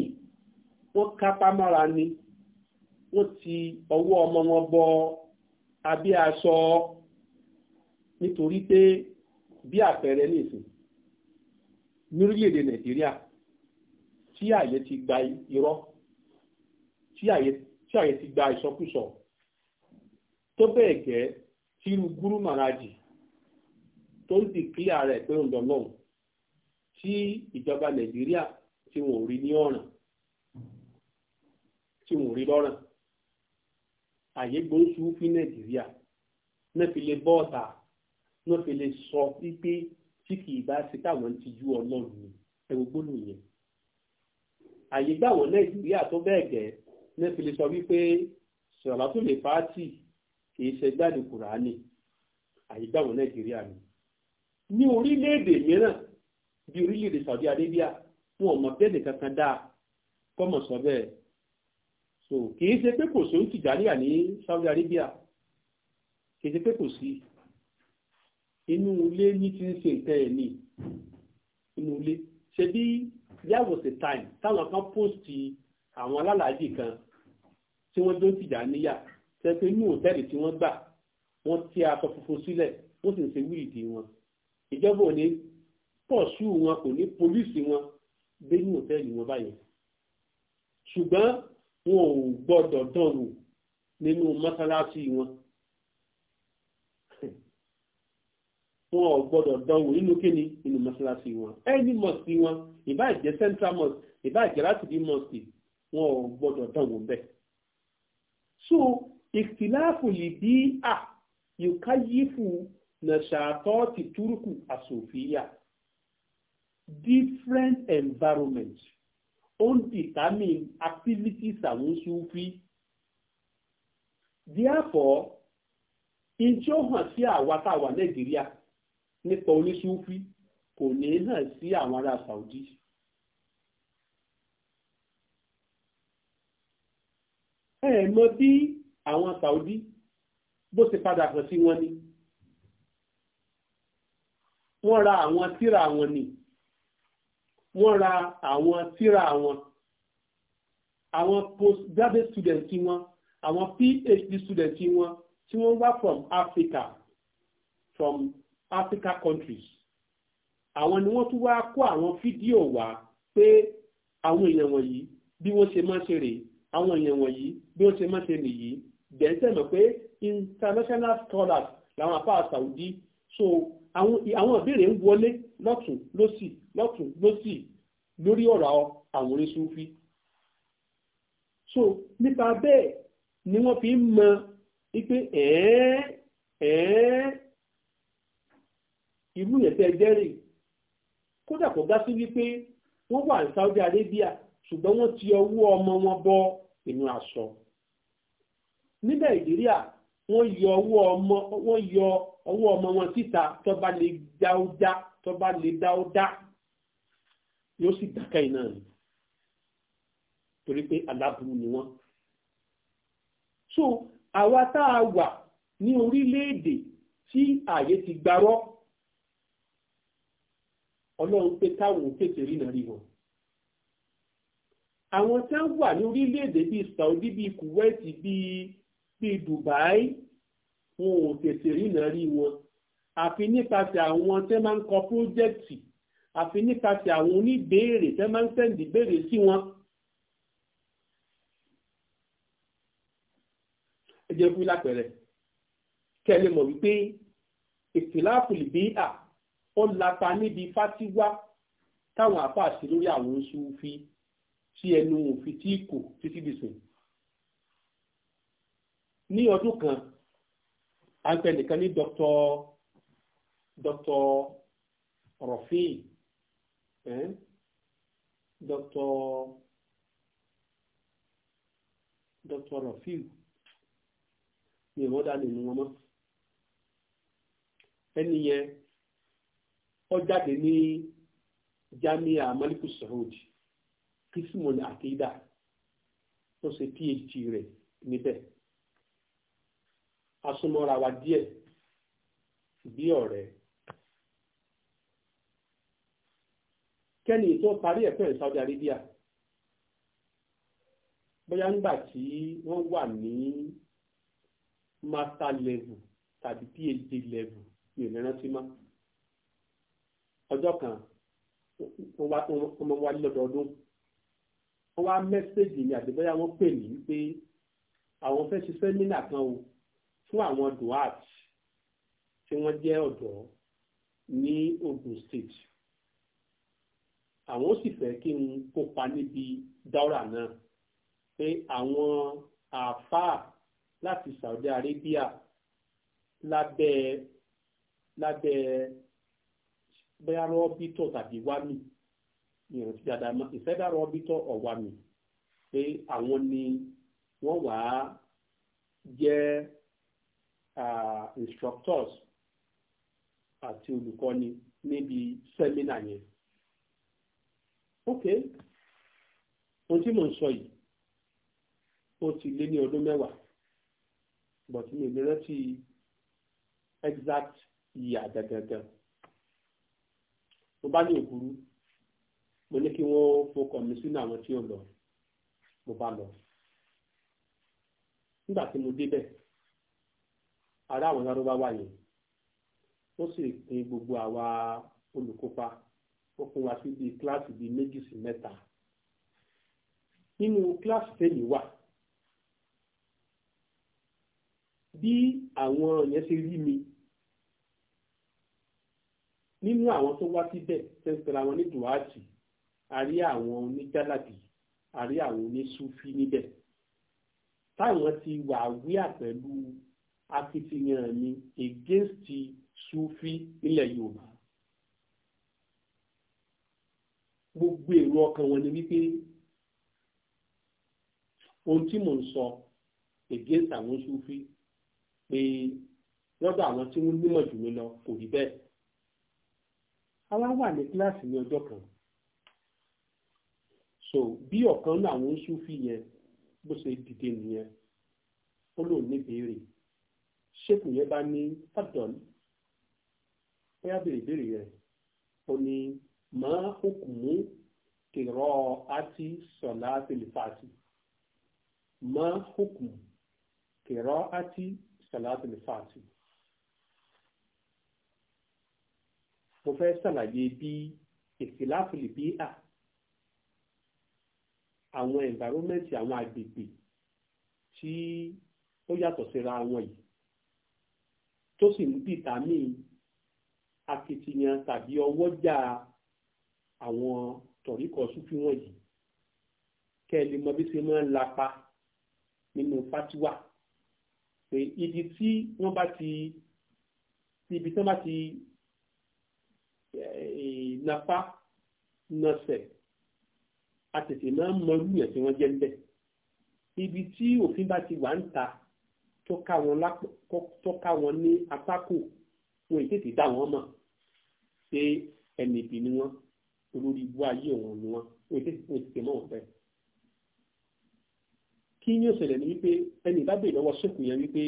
wọ́n kápá mára ni wọ́n ti ọwọ́ ọmọ wọn bọ́ ọ́ àbí aṣọ nítorí pé bí àpẹẹrẹ nìsín lórílẹ̀‐èdè nàìjíríà tí àyè ti gba irọ́ tí ti gba ìsọkúsọ tó bẹ́ẹ̀ gẹ́ tí irú gúrú màrájì tó ń dìkílẹ̀ rẹ̀ pé ń dọ̀lọ́hùn tí ìjọba nàìjíríà tí wọn ò rí ní ọ̀ràn tí wọn àyè gbóńsù fi nàìjíríà náà fi lè bọ́ ọ̀tà náà fi lè sọ wípé tí kì í bá ṣe táwọn ti ju ọlọ́run ni ẹ wo gbólóhùn yẹn àyè gbà wọ́n nàìjíríà tó bẹ́ẹ̀ gẹ́ náà fi lè sọ wípé sọ̀rọ̀ tó lè fàátì kì í ṣe gbádùn kùránì àyè gbà nàìjíríà ni ní orílẹ̀-èdè mìíràn bí orílẹ̀-èdè Saudi Arabia wọn ò mọ̀ bẹ́ẹ̀ nìkan kan dáa kọ́mọ̀ sọ bẹ́ẹ̀ so kìí ṣe pé kò sóhun tìjàníyà ní Saudi Arabia kìí ṣe pé kò sí inú ilé ní ti ń ṣe nǹkan ẹ̀ ní inú ilé ṣe bí there was a time táwọn kan post àwọn alálàájì kan tí wọ́n jó tìjàníyà ṣe pé inú òtẹ́ẹ̀lì tí wọ́n gbà wọ́n ti aṣọ funfun sílẹ̀ wọ́n sì ń ṣe wíìdì wọn ìjọba ò ní pọ̀ṣù wọn kò ní políìsì wọn dé inú òtẹ́ẹ̀lì wọn báyìí ṣùgbọ́n wọn ò gbọ́dọ̀ dánwò nínú mọ́sálásí wọn wọn ò gbọ́dọ̀ dánwò nínú kíni nínú mọ́sálásí wọn ẹni mọ́sí wọn ìbá ìjẹ́ central mosque ìbá ìjẹ́ láti bí mosque wọn ò gbọ́dọ̀ dánwò bẹ́ẹ̀. so ìtìláàfù yìí bí a yòókà yìí fún nàṣàtọ́ ti túrùkù àsòfìyà different environment ó ń determine activities àwọn Sufi therefore in tí ó hàn sí àwa táwa Nàìjíríà nípa oníṣúfí kò ní hàn sí àwọn ará Saudi. ẹ mọ bí àwọn Saudi bó ti padà hàn sí wọn ni wọ́n ra àwọn tíra wọn ni wọ́n ra àwọn tíra wọn àwọn postgraduate students wọn àwọn phd students wọn tí wọ́n wá from Africa from Africa countries àwọn ni wọ́n tún wá kó àwọn fídíò wá pé àwọn èèyàn wọ̀nyí bí wọ́n ṣe máa ṣe rè àwọn èèyàn wọ̀nyí bí wọ́n ṣe máa ṣe nìyí dẹ̀ẹ́sẹ̀ mọ̀ pé international scholars làwọn apá Saudi so àwọn ìbéèrè ń wọlé lọ́tún lọ́sì lọ́tún lọ́sì lórí ọ̀rọ̀ àwọn oníṣúfí. so nípa bẹ́ẹ̀ ni wọ́n fi ń mọ wípé ẹ̀ẹ́ ẹ̀ẹ́ ìlú ìyẹ̀fẹ́ jẹ́rìí kódà kò dá sí wípé wọ́n wà ní Saudi Arabia ṣùgbọ́n wọ́n ti ọwọ́ ọmọ wọn bọ inú aṣọ. ní Nàìjíríà wọ́n yọ ọwọ́ ọmọ wọ́n yọ ọwọ́ ọmọ wọn síta tó bá lè dá ó dá tó bá lè dá ó dá yóò sì dákẹ́ iná ni torí pé aláburú ni wọ́n. so àwa tá a wà ní orílẹ̀-èdè tí ààyè ti gbarọ́ ọlọ́run pé táwọn tètè rí náà rí wọn. àwọn tá a wà ní orílẹ̀-èdè bíi Saudi bíi Kuwait bíi bíi Dubai wọn ò tètè rìnà rí wọn àfi nípasẹ̀ àwọn tẹ́ máa ń kọ púrójẹ́kìtì àfi nípasẹ̀ àwọn oníbèèrè tẹ́ máa ń sẹ́ǹdì béèrè sí wọn. ẹ jẹ́ fún lápẹ̀rẹ̀ kẹ́ ẹ lè mọ̀ wípé ìtìláàpùlì bí à ó lapa níbi fásiwá táwọn àfáà sí lórí àwọn oṣù fi tí ẹnu òfin tí kò títí dìsìn. ní ọdún kan a ń pè nìkan ní dr dr rọ̀fí eh? dr dr rọ̀fí ni wọ́n dá nínú wọn mọ́ ẹni yẹn ó jáde ní jami'a malikus saudi kismul akida ó ṣe phd rẹ̀ níbẹ̀. asúnmọ́ra wa díẹ̀ bí ọ̀rẹ́ kẹ́ni tó parí ẹ̀kọ́ ẹ̀ Saudi Arabia bóyá nígbà tí wọ́n wà ní master level tàbí phd level mi ò lè rántí mọ́ ọjọ́ kan ọmọ wa lọ́dọọdún wọ́n wá mẹ́sẹ̀gì ní àdébọ́yá wọ́n pè mí pé àwọn fẹ́ ṣe sẹ́mínà kan o fún àwọn duat tí wọ́n jẹ́ ọ̀dọ́ ní Ogun State àwọn ó sì fẹ́ kí n kópa níbi dáwọ́rà náà pé àwọn àáfàá láti Saudi Arabia lábẹ́ lábẹ́ bóyá rọ́bítọ̀ tàbí wámì ní ìrántí dáadáa mọ́ ìfẹ́dà rọ́bítọ̀ ọ̀wámì pé àwọn ni wọ́n wàá jẹ́ Uh, instructors àti olùkọ́ni níbi sẹ́mínà yẹn. ok ohun tí mò ń sọ yìí ó ti lé ní ọdún mẹ́wàá but mi ò lè rántí exact year gangan mo bá ní òkúrú mo ní kí wọ́n fọkàn mi sínú àwọn tí ò lọ mo bá lọ nígbà tí mo débẹ̀ ará àwọn lárúbáwá yẹn ó sì pín gbogbo àwa olùkópa ó fún wa sí bíi kíláàsì bíi méjì sí mẹ́ta nínú kíláàsì tèmi wà bí àwọn yẹn ṣe rí mi nínú àwọn tó wá síbẹ̀ tẹ́sítẹ́ra wọn ní duwáàtì a rí àwọn onígbàlàbí a rí àwọn oníṣúfí níbẹ̀ táwọn ti wà wíà pẹ̀lú akitiyan mi against sufi nílẹ̀ yorùbá gbogbo èrò ọkàn wọn ni wípé ohun tí mò ń sọ against àwọn sufi pé lọ́dọ̀ àwọn tí wọ́n nímọ̀ jù mí lọ kò rí bẹ́ẹ̀ àwa wà ní kíláàsì ní ọjọ́ kan so bí ọ̀kan náà àwọn sufi yẹn bó ṣe dìde nìyẹn ó lóun níbèrè ṣéèkù yẹn bá ní fàdán bóyá béèrè béèrè rẹ̀ ó ní máa hukumu kìrọ̀ àti sọ̀lá tẹlifàtì máa hukumu kìrọ̀ àti sọ̀lá tẹlifàtì. mo fẹ́ ṣàlàyé bí ìfìláfìlì bí à àwọn environment àwọn agbègbè tí ó yàtọ̀ síra wọn yìí tó sì ń dìtàmì akitiyan tàbí ọwọ́jà àwọn tọ̀ríkọ̀ súfì wọ̀nyí kẹ́ ẹ lè mọ bí ṣe máa ń lapa nínú fatiwa pé ibi tí wọ́n bá ti ibi tí wọ́n bá ti napa nasẹ̀ a tètè máa ń mọ irú yẹn tí wọ́n jẹ́ ń bẹ̀ ibi tí òfin bá ti wà ń ta tó ká wọn ní atákò wọn ìtètè dá wọn mọ̀ pé ẹni ìbí ni wọn olórí ibú ayé wọn ni wọn wọn ìtètè mọ̀ wọn bẹ́ẹ̀. kí ni ó ṣẹlẹ̀ ní wípé ẹni ìbábẹ̀ lọ́wọ́ ṣèkù yẹn wípé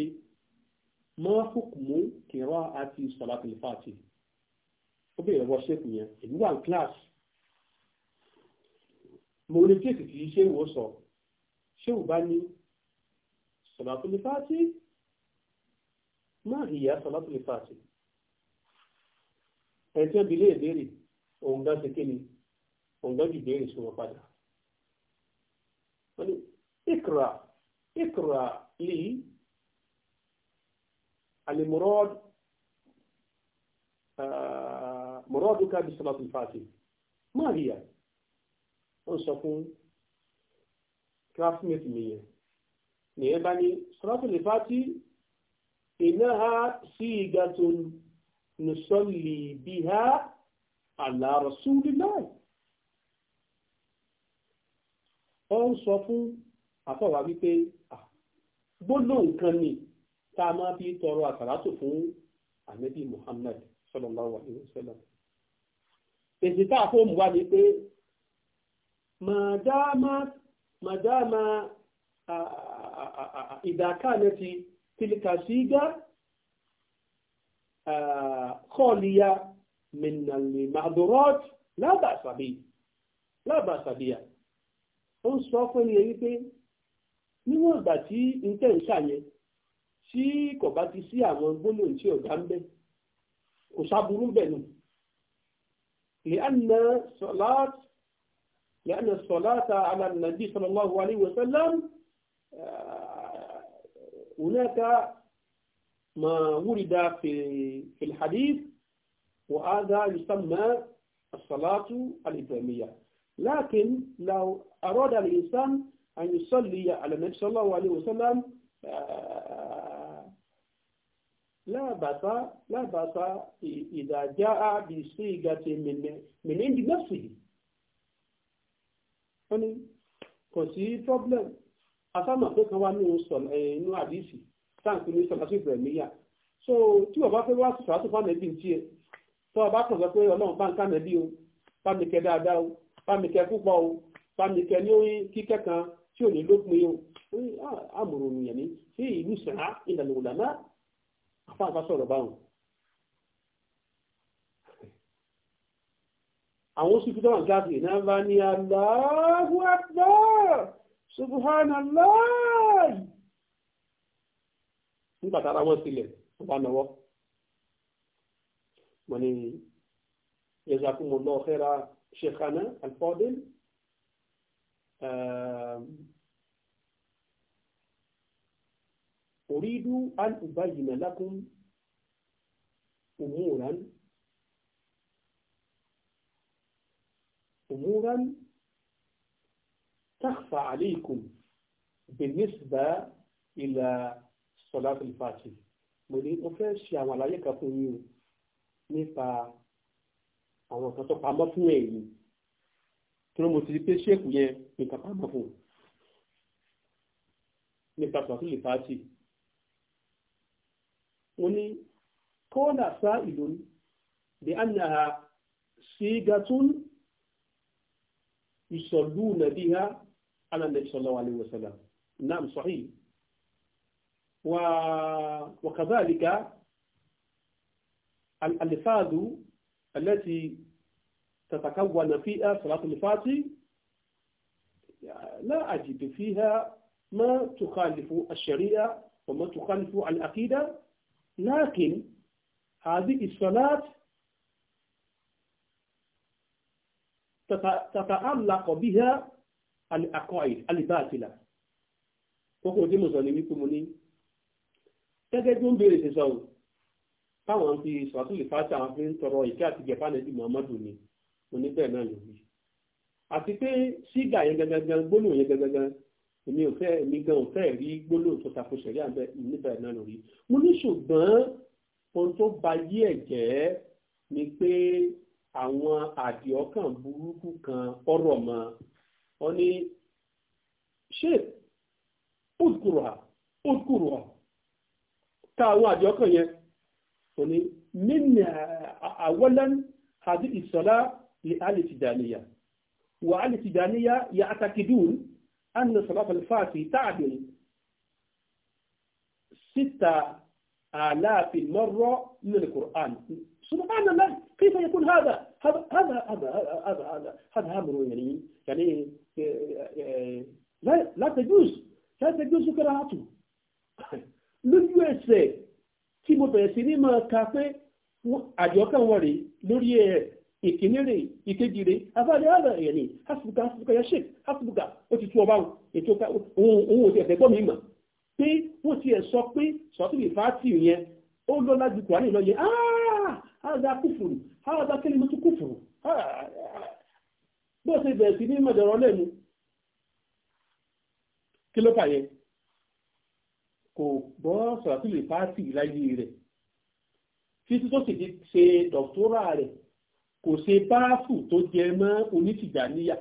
máa fòkùmù kìrọ àti sọ̀làtìlì fàtì ó bẹ̀rẹ̀ lọ́wọ́ ṣèkù yẹn èmi wà ní kíláàsì mo ní kí èsì kì í ṣe ṣé ò bá ní صلاة الفاتح ما هي صلاة الفاتح ẹ̀tí ẹ̀bí lè béèrè òun gá ṣe kí ni òun gá jù béèrè sí wọn padà wọ́n ní ikra ikra lè alimurad muraduka bi salatul fatih ma hiya ó sọ fún kílásímẹ́tì mi yẹn nìyẹn bá ní suratul Fati innaha sigatun nusalli biha ala rasulillah ó ń sọ fún àfọwà wípé gbólóhùn kan ni tá a máa fi tọrọ àsàlátù fún ànábì Muhammad sallallahu alaihi wasallam èsì tá a fó mú wá ni pé màdámà màdámà ìdàkàlẹ̀ ti tìlìkà sígá kọ́ọ̀lìyà mìnàlì màdùrọ́t lábàṣàbíyà ó ń sọ fún ẹni wípé níwọ̀n ìgbà tí n tẹ̀ ń ṣàyẹn tí kò bá ti sí àwọn gbólóhùn tí ọ̀gá ń bẹ̀ kò sábúrú bẹ̀ nù. لأن صلاة لأن الصلاة على النبي صلى الله عليه وسلم هناك ما ورد في في الحديث وهذا يسمى الصلاة الإبراهيمية لكن لو أراد الإنسان أن يصلي على النبي صلى الله عليه وسلم آه، لا بأس لا بأس إذا جاء بصيغة من من عند نفسه يعني كوسي بروبليم asámà pé kan wá ní inú àdìsí táǹkì ní sọlá sí ìbẹ̀rẹ̀míyà so tí wọ́n bá fẹ́ wá sọ̀rọ̀ àti fún ànẹ́bí tiẹ̀ tó o bá kàn sọ pé ọlọ́run bá ń ká ànẹ́bí o bá mi kẹ dáadáa o bá mi kẹ púpọ̀ o bá mi kẹ ní kíkẹ́ kan tí ò ní lópin o àmọ̀rò nìyẹn ní sí ah, ìlú sàá ìlànà òlànà àfáàfá sọ̀rọ̀ báwọn. àwọn oṣù tó gáàsì náà bá ní Allahu Akbar subhanallah nígbà tára wọn sílẹ̀ wọn bá náwó wọn ni jazakumullah khaira sheikhana al-fadil ehm, uridu an ubayyina lakum umuran umuran تخفى عليكم بالنسبة إلى صلاة الفاتح mo ní mo fẹ́ ṣe àwọn àlàyé kan fún yín o nípa àwọn kan tó pamọ́ fún ẹ̀yìn tí mo ti di pé ṣéèkù yẹn nǹkan pamọ́ fún nípa sọ̀tún lè fàájì mo ní kọ́ọ̀dà sá ìlú bí a sí gàtún ìṣọ̀lú nàbí ha على النبي صلى الله عليه وسلم نعم صحيح و... وكذلك الألفاظ التي تتكون فيها صلاة الفاتح لا أجد فيها ما تخالف الشريعة وما تخالف العقيدة لكن هذه الصلاة تتعلق بها akọ́id alibáàtìlà kókó tí mo sọ ní wípé ni ní gẹ́gẹ́ bí ó ń béèrè ṣe sọ táwọn fi sọ́túlì fáṣà àwọn fi ń tọrọ ìkẹ́ àti gẹ̀fà nẹ́bí muhammadu ni mo ní bẹ́ẹ̀ náà lòwí àti pé ṣígà yẹn gangan gbólóhùn yẹn gangan èmi ò fẹ́ èmi gan ò fẹ́ rí gbólóhùn tó takò sẹ̀rí àbẹ níbẹ̀ náà lórí mo ní ṣùgbọ́n ohun tó ba yí ẹ̀ jẹ́ ni pé àwọn àdìọ́kàn burúkú kan ọ̀rọ̀ mọ́ هني شيء أذكرها أذكرها تعود يقين هني من أولا هذه الصلاة لآل تدانية وآل تدانية يعتقدون أن صلاة الفاتي تعدل ستة آلاف مرة من القرآن سبحان الله كيف يكون هذا هذا هذا هذا هذا هذا, هذا, هذا, هذا, هذا, هذا, هذا, هذا يعني يعني café ou a látẹjúùs látẹjúùs kẹrẹ àtù lójú ẹsẹ̀ tí mo bẹ̀rẹ̀ sí ní máa ka pé àjọkàn wọn rèé lórí ẹ̀ ìkíníre ìkejìre afáàdé àgbà ẹ̀yẹ̀ ni hasibuka hasibuka yẹ sheik hasibuka ó ti tú ọba ètò òun ò ti ẹ̀fẹ́ gbọ́ mi mà pé wọ́n ti ẹ̀ sọ pé sọ́tìlì fàátì yẹn ó lọ lájú kùránì lọ yẹ áá áàdá kúfùrù áàdá kẹ́lẹ́mọ́tò kúfùrù bó ṣe bẹ̀rẹ̀ sí ní mọ̀dọ̀rọ̀ lẹ́nu kí ló fàyẹ kò gbọ́ sọ̀rọ̀sílẹ̀ fáàtì láyé rẹ̀ títí tó sì ṣe dọ̀tọ́rà rẹ̀ kò ṣe báàfù tó jẹ mọ́ onítìjàníyà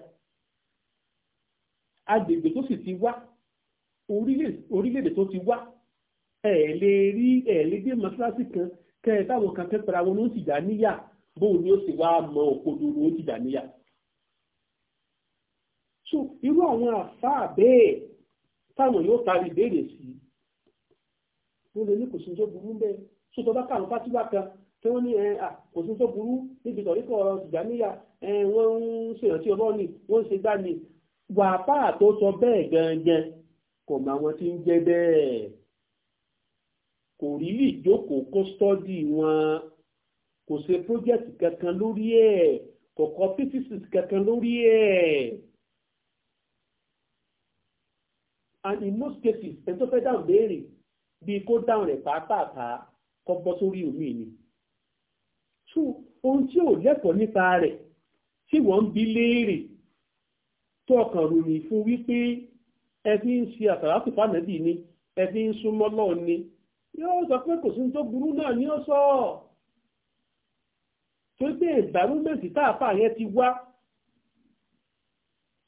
agbègbè tó sì ti wá orílẹ̀-èdè tó ti wá ẹ̀ lè rí ẹ̀ lè dé mọ́sálásí kan kẹ́ ẹ̀ táwọn kan kẹ́pẹ̀rẹ̀ àwọn onítìjàníyà bóun ni ó sì wá mọ òkodoro onítìjàníyà so irú àwọn àfáà bẹ́ẹ̀ táwọn yóò tari ìbéèrè sí mo lè ní kò sí tó burú bẹ́ẹ̀ so tọ́ bá kà lọ́pàá tí wà kan tí wọ́n ní ẹ kò sí tó burú níbi tọ̀ríkọ̀ ìgbàmíyà ẹ wọ́n ń ṣèrántí ọlọ́ọ̀ni wọ́n ń ṣe gbá ni wàápà tó sọ bẹ́ẹ̀ gangan kò mọ àwọn tí ń jẹ́ bẹ́ẹ̀ kò rí lè jókòó kó stọ́dì wọn kò ṣe project kankan lórí ẹ̀ kò kọ and in most cases ẹni tó fẹ́ dáhùn béèrè bíi kó dáhùn rẹ̀ pàápàá kọ́ bọ́ sórí omi ni. so ohun tí ò lẹ́kọ̀ọ́ nípa rẹ̀ tí wọ́n ń bi léèrè tó ọkàn ròyìn fún wípé ẹ fi ń ṣe àtàràtù fànàbì ni ẹ fi ń súnmọ́ lọ́ọ̀ ni yóò sọ pé kò sí tó burú náà ni ó sọ ọ́ tó gbé ìbárúmẹ̀sì táàpá yẹn ti wá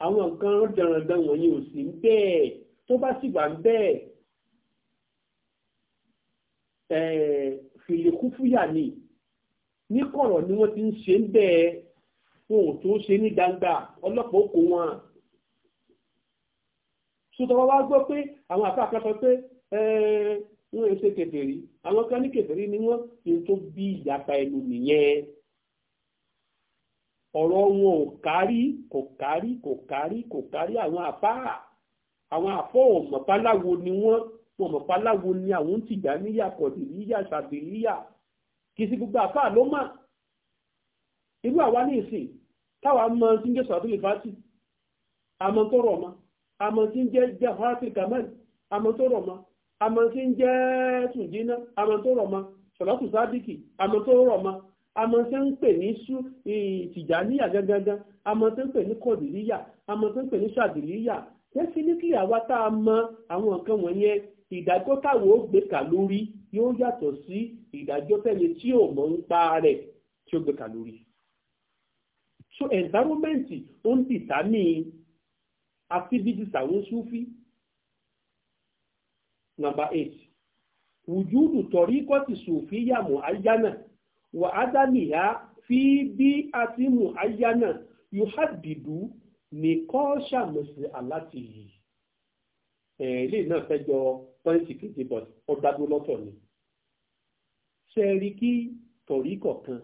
àwọn nǹkan jẹ̀rọ̀ǹdà wọ̀nyí ò sí bẹ́ẹ̀ tó bá sì wà bẹ́ẹ̀ fìlẹ̀kúfúyà ni ní kọ̀rọ̀ ni wọ́n ti ń ṣe ń bẹ́ẹ̀ ohun tó ṣe ní gbangba ọlọ́pàá wá gbọ́ pé àwọn àfa pé wọ́n àwọn kan ní ni wọ́n tó bí ẹnu nìyẹn ọ̀rọ̀ wọn ò kárí kò àwọn àwọn àfọ́ ọ̀mọ̀páláwo ni wọ́n ọ̀mọ̀páláwo ni àwọn ń tìjà níyà kọ̀dì níyà ṣàbí níyà kì í sí gbogbo àfáà ló mà irú àwa ní ìsìn táwa mọ tí ń jẹ́ sọ̀tún ìfásí àmọ́ tó rọ̀ mọ́ àmọ́ tí ń jẹ́ jẹ́ horatil kamal àmọ́ tó rọ̀ mọ́ àmọ́ tí ń jẹ́ tùjínà àmọ́ tó rọ̀ mọ́ sọ̀lọ́tù sádìkì àmọ́ tó rọ̀ mọ́ àmọ́ tí ń pè ní sú tìjà níyà gangan àmọ́ tí ń pè ní kọ̀dìlíyà àmọ́ tí ń pè ní ṣàdìlíyà wọ́n ṣe ní kí àwa tá a mọ àwọn nǹkan wọ̀nyẹn ìdájọ́ táwọn ó gbé kà lórí yóò yàtọ̀ sí ìdájọ́ tẹ́ni tí ò mọ̀ ń pa rẹ̀ tí ó gbé kà lórí. so environment ó ń dìtámì activities àwọn sufi. number eight wùjúdù tọ̀rí kọ́tì sùfì yàmù ayánà wà á dá nìyá fi bí a ti mú ayánà yóò hàdìdú ní kọ́ ṣàmùsí aláti yìí ilé náà fẹ́ jọ pọ́ǹtì kejì bọ̀ ọgbàgbó lọ́tọ̀ ni ṣe rí kí tọ̀rí kọ̀ọ̀kan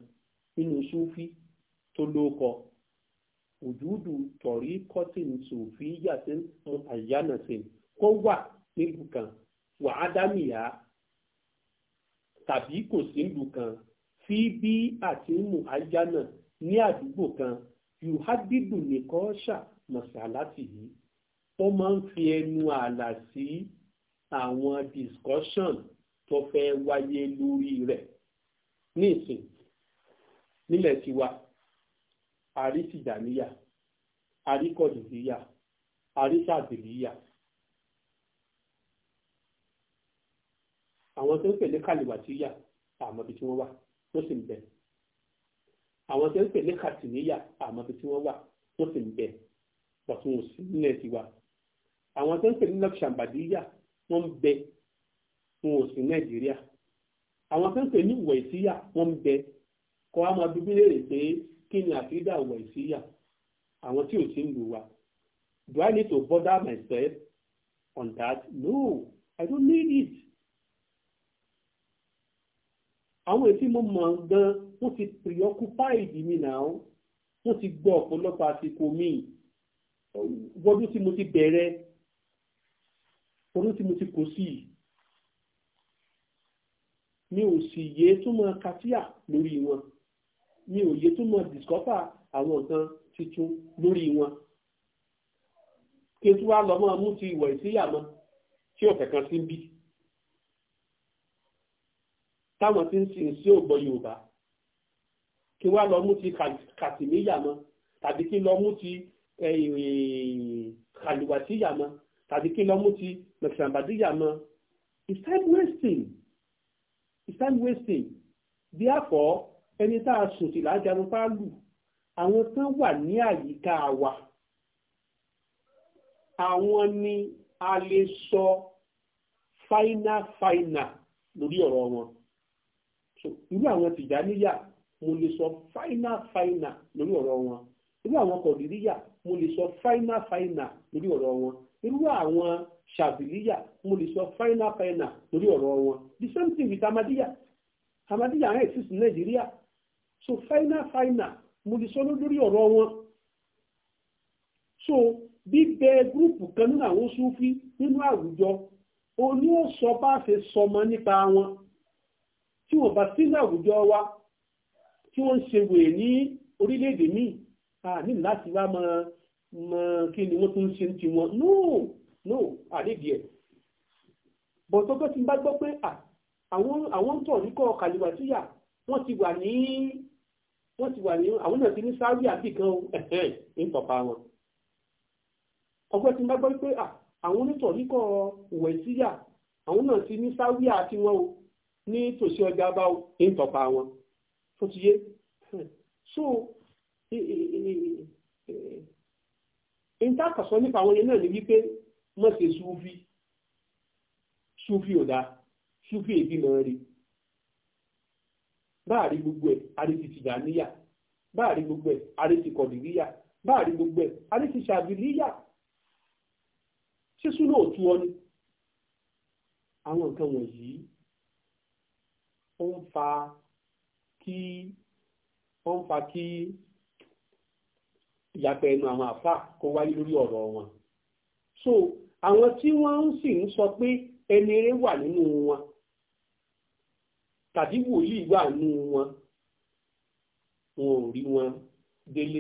nínú súfí tó lóko òjúdù tọ̀rí kọ́tìn sòfí yàtí àyànàṣe kó wà nílùú kan wà á dámìyà tàbí kò sí nílùú kan fi bí àti mú àyànà ní àdúgbò kan yuhadidu nìkan ṣà mọ̀sálásì yìí ó máa ń fi ẹnu ààlà sí àwọn discussion tó fẹ́ wáyé lórí rẹ̀ nísìn nílẹ̀ tiwa àrísìdàníyà àríkọ̀dìdíyà àrísàdìlíyà àwọn tó ń pè ní kàlìwàtíyà àmọ́ ibi tí wọ́n wà ló sì ń bẹ̀rẹ̀ àwọn tó ń pè ní kàtìníyà àmọ́ tí wọ́n wà wọ́n sì ń bẹ pọ̀tún òsì nílẹ̀ tiwa àwọn tó ń pè ní lọ́kṣàmbàdíyà wọ́n ń bẹ fún òsì nàìjíríà àwọn tó ń pè ní wẹ̀síyà wọ́n ń bẹ kọ́ á máa bíbí léèrè pé kí ni àfídà wẹ̀síyà àwọn tí ò sí ń lù wa do I need to bother myself on that? No, I don't need it àwọn èsì mo mọ̀ gan wọ́n ti preoccupied mi náà wọ́n ti gbọ́ ọ̀pọ̀lọpọ̀ àsìkò mi wọ́dún tí mo ti bẹ̀rẹ̀ wọ́dún tí mo ti kò sí mi ò sì yé tó mọ katia lórí wọn mi ò yé tó mọ discover àwọn nǹkan tuntun lórí wọn kí n tún wá lọ mọ́ mú ti ìwọ̀ ìsíyà mọ́ tí ọ̀fẹ́ kan sí ń bí táwọn ti ń sin sí ògbọ yorùbá kí wá lọ mú ti kàtìmíyà mọ tàbí kí lọ mú ti kàlùwàtíyà mọ tàbí kí lọ mú ti mẹsàmbàdíyà mọ it's time wasting it's time wasting therefore ẹni tá a sùn sí lájàrún pálù àwọn tán wà ní àyíká wa àwọn ni a lè sọ fáínà lórí ọ̀rọ̀ wọn so irú àwọn tìjáníyà mo lè sọ fáínà fáínà lórí ọ̀rọ̀ wọn irú àwọn kọ̀dìríyà mo lè sọ fáínà fáínà lórí ọ̀rọ̀ wọn irú àwọn ṣàbìlíyà mo lè sọ final final. lórí ọ̀rọ̀ wọn the same thing with Amadiya. Amadiya àwọn exist ní nàìjíríà so final final. mo lè sọ lórí ọ̀rọ̀ wọn so bíbẹ gúrùpù kan nínú àwọn súfí nínú àwùjọ o ní ó sọ bá ṣe sọmọ nípa wọn tí wọ́n bá sínú àwùjọ wa tí wọ́n ń ṣe wèé ní orílẹ̀-èdè míì a láti wá mọ mọ kí ni wọ́n tún ń ṣe ti wọn no no àlédìí ẹ̀ bọ̀tọ́gbọ́n ti bá gbọ́ pé àwọn ń tọ̀ níkọ̀ kàlùwà síyà wọ́n ti wà ní wọ́n ti wà ní àwọn náà ti ní sáré àbí kan ń pàpà wọn ọgbẹ́ ti bá gbọ́ pé àwọn onítọ̀ níkọ̀ wẹ̀síyà àwọn náà ti ní sáré àti wọn o ní tòsí ọjà bá ń tọpa wọn tó ti yé so ìtàkàsọ nípa àwọn yẹn náà ni wípé mọ̀ sí súfì súfì ọ̀dà súfì ìbímọ rí báàrí gbogbo ẹ̀ àrètí tìjàníyà báàrí gbogbo ẹ̀ àrètí kọ̀dìríyà báàrí gbogbo ẹ̀ àrètí ṣàbílíyà ṣíṣú náà tú ọ ni àwọn nǹkan wọ̀nyí ó ń fa kí ó ń fa kí ìyàpẹ̀ ẹnu àwọn àfà kó wáyé lórí ọ̀rọ̀ wọn so àwọn tí wọ́n ń sì ń sọ pé ẹni eré wà nínú wọn tàbí wòlíì wà nínú wọn wọn ò rí wọn délé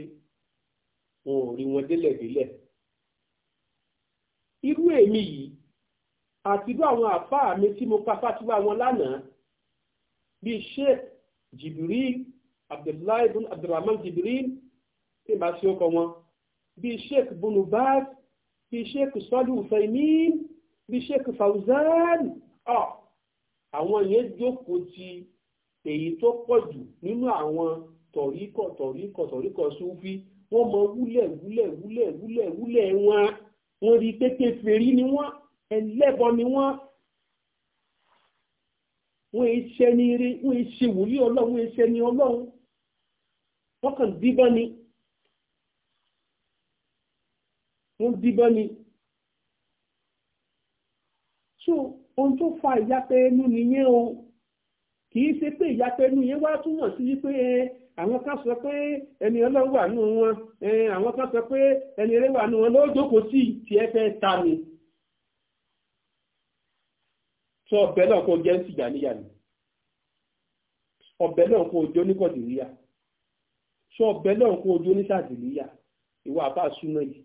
wọn ò rí wọn délẹ̀délẹ̀ irú èmi yìí àtìrú àwọn àfáà mi tí mo ka fátiwá wọn lánàá bíi sheikh jibril abdullahi ibn abdulrahman jibril tí n bá sí ọkọ wọn bíi sheikh bunubaz bíi sheikh sọ́lù usaimin bíi sheikh fauzan ọ àwọn yẹn jókòó ti èyí tó pọ̀ jù nínú àwọn tọ̀ríkọ̀ tọ̀ríkọ̀ tọ̀ríkọ̀ súnfí wọ́n mọ wúlẹ̀ wúlẹ̀ wúlẹ̀ wúlẹ̀ wúlẹ̀ wọn wọ́n rí pé kèfèrí ni wọ́n ẹlẹ́bọ ni wọ́n wọ́n ń ṣe ní rí wọ́n ń ṣe wòlíì ọlọ́run wọ́n ń ṣe ní ọlọ́run wọ́n kàn díbọ́n ni wọ́n díbọ́n ni. so ohun tó fa ìyapẹ́ ẹnu nìyẹn o kì í ṣe pé ìyapẹ́ ẹnu yẹn wá túmọ̀ sí wípé àwọn kan sọ pé ẹni ọlọ́run wà nù wọn àwọn kan sọ pé ẹni eré wà nù wọn lójókòó sí tiẹ́ fẹ́ ta ni tí ọbẹ̀ náà kò jẹ́ ntìjà níyàní ọbẹ̀ náà kò jẹ́ oníkọ̀dìríyà tí ọbẹ̀ náà kò jẹ́ oníṣàdìríyà ìwà àbá súná yìí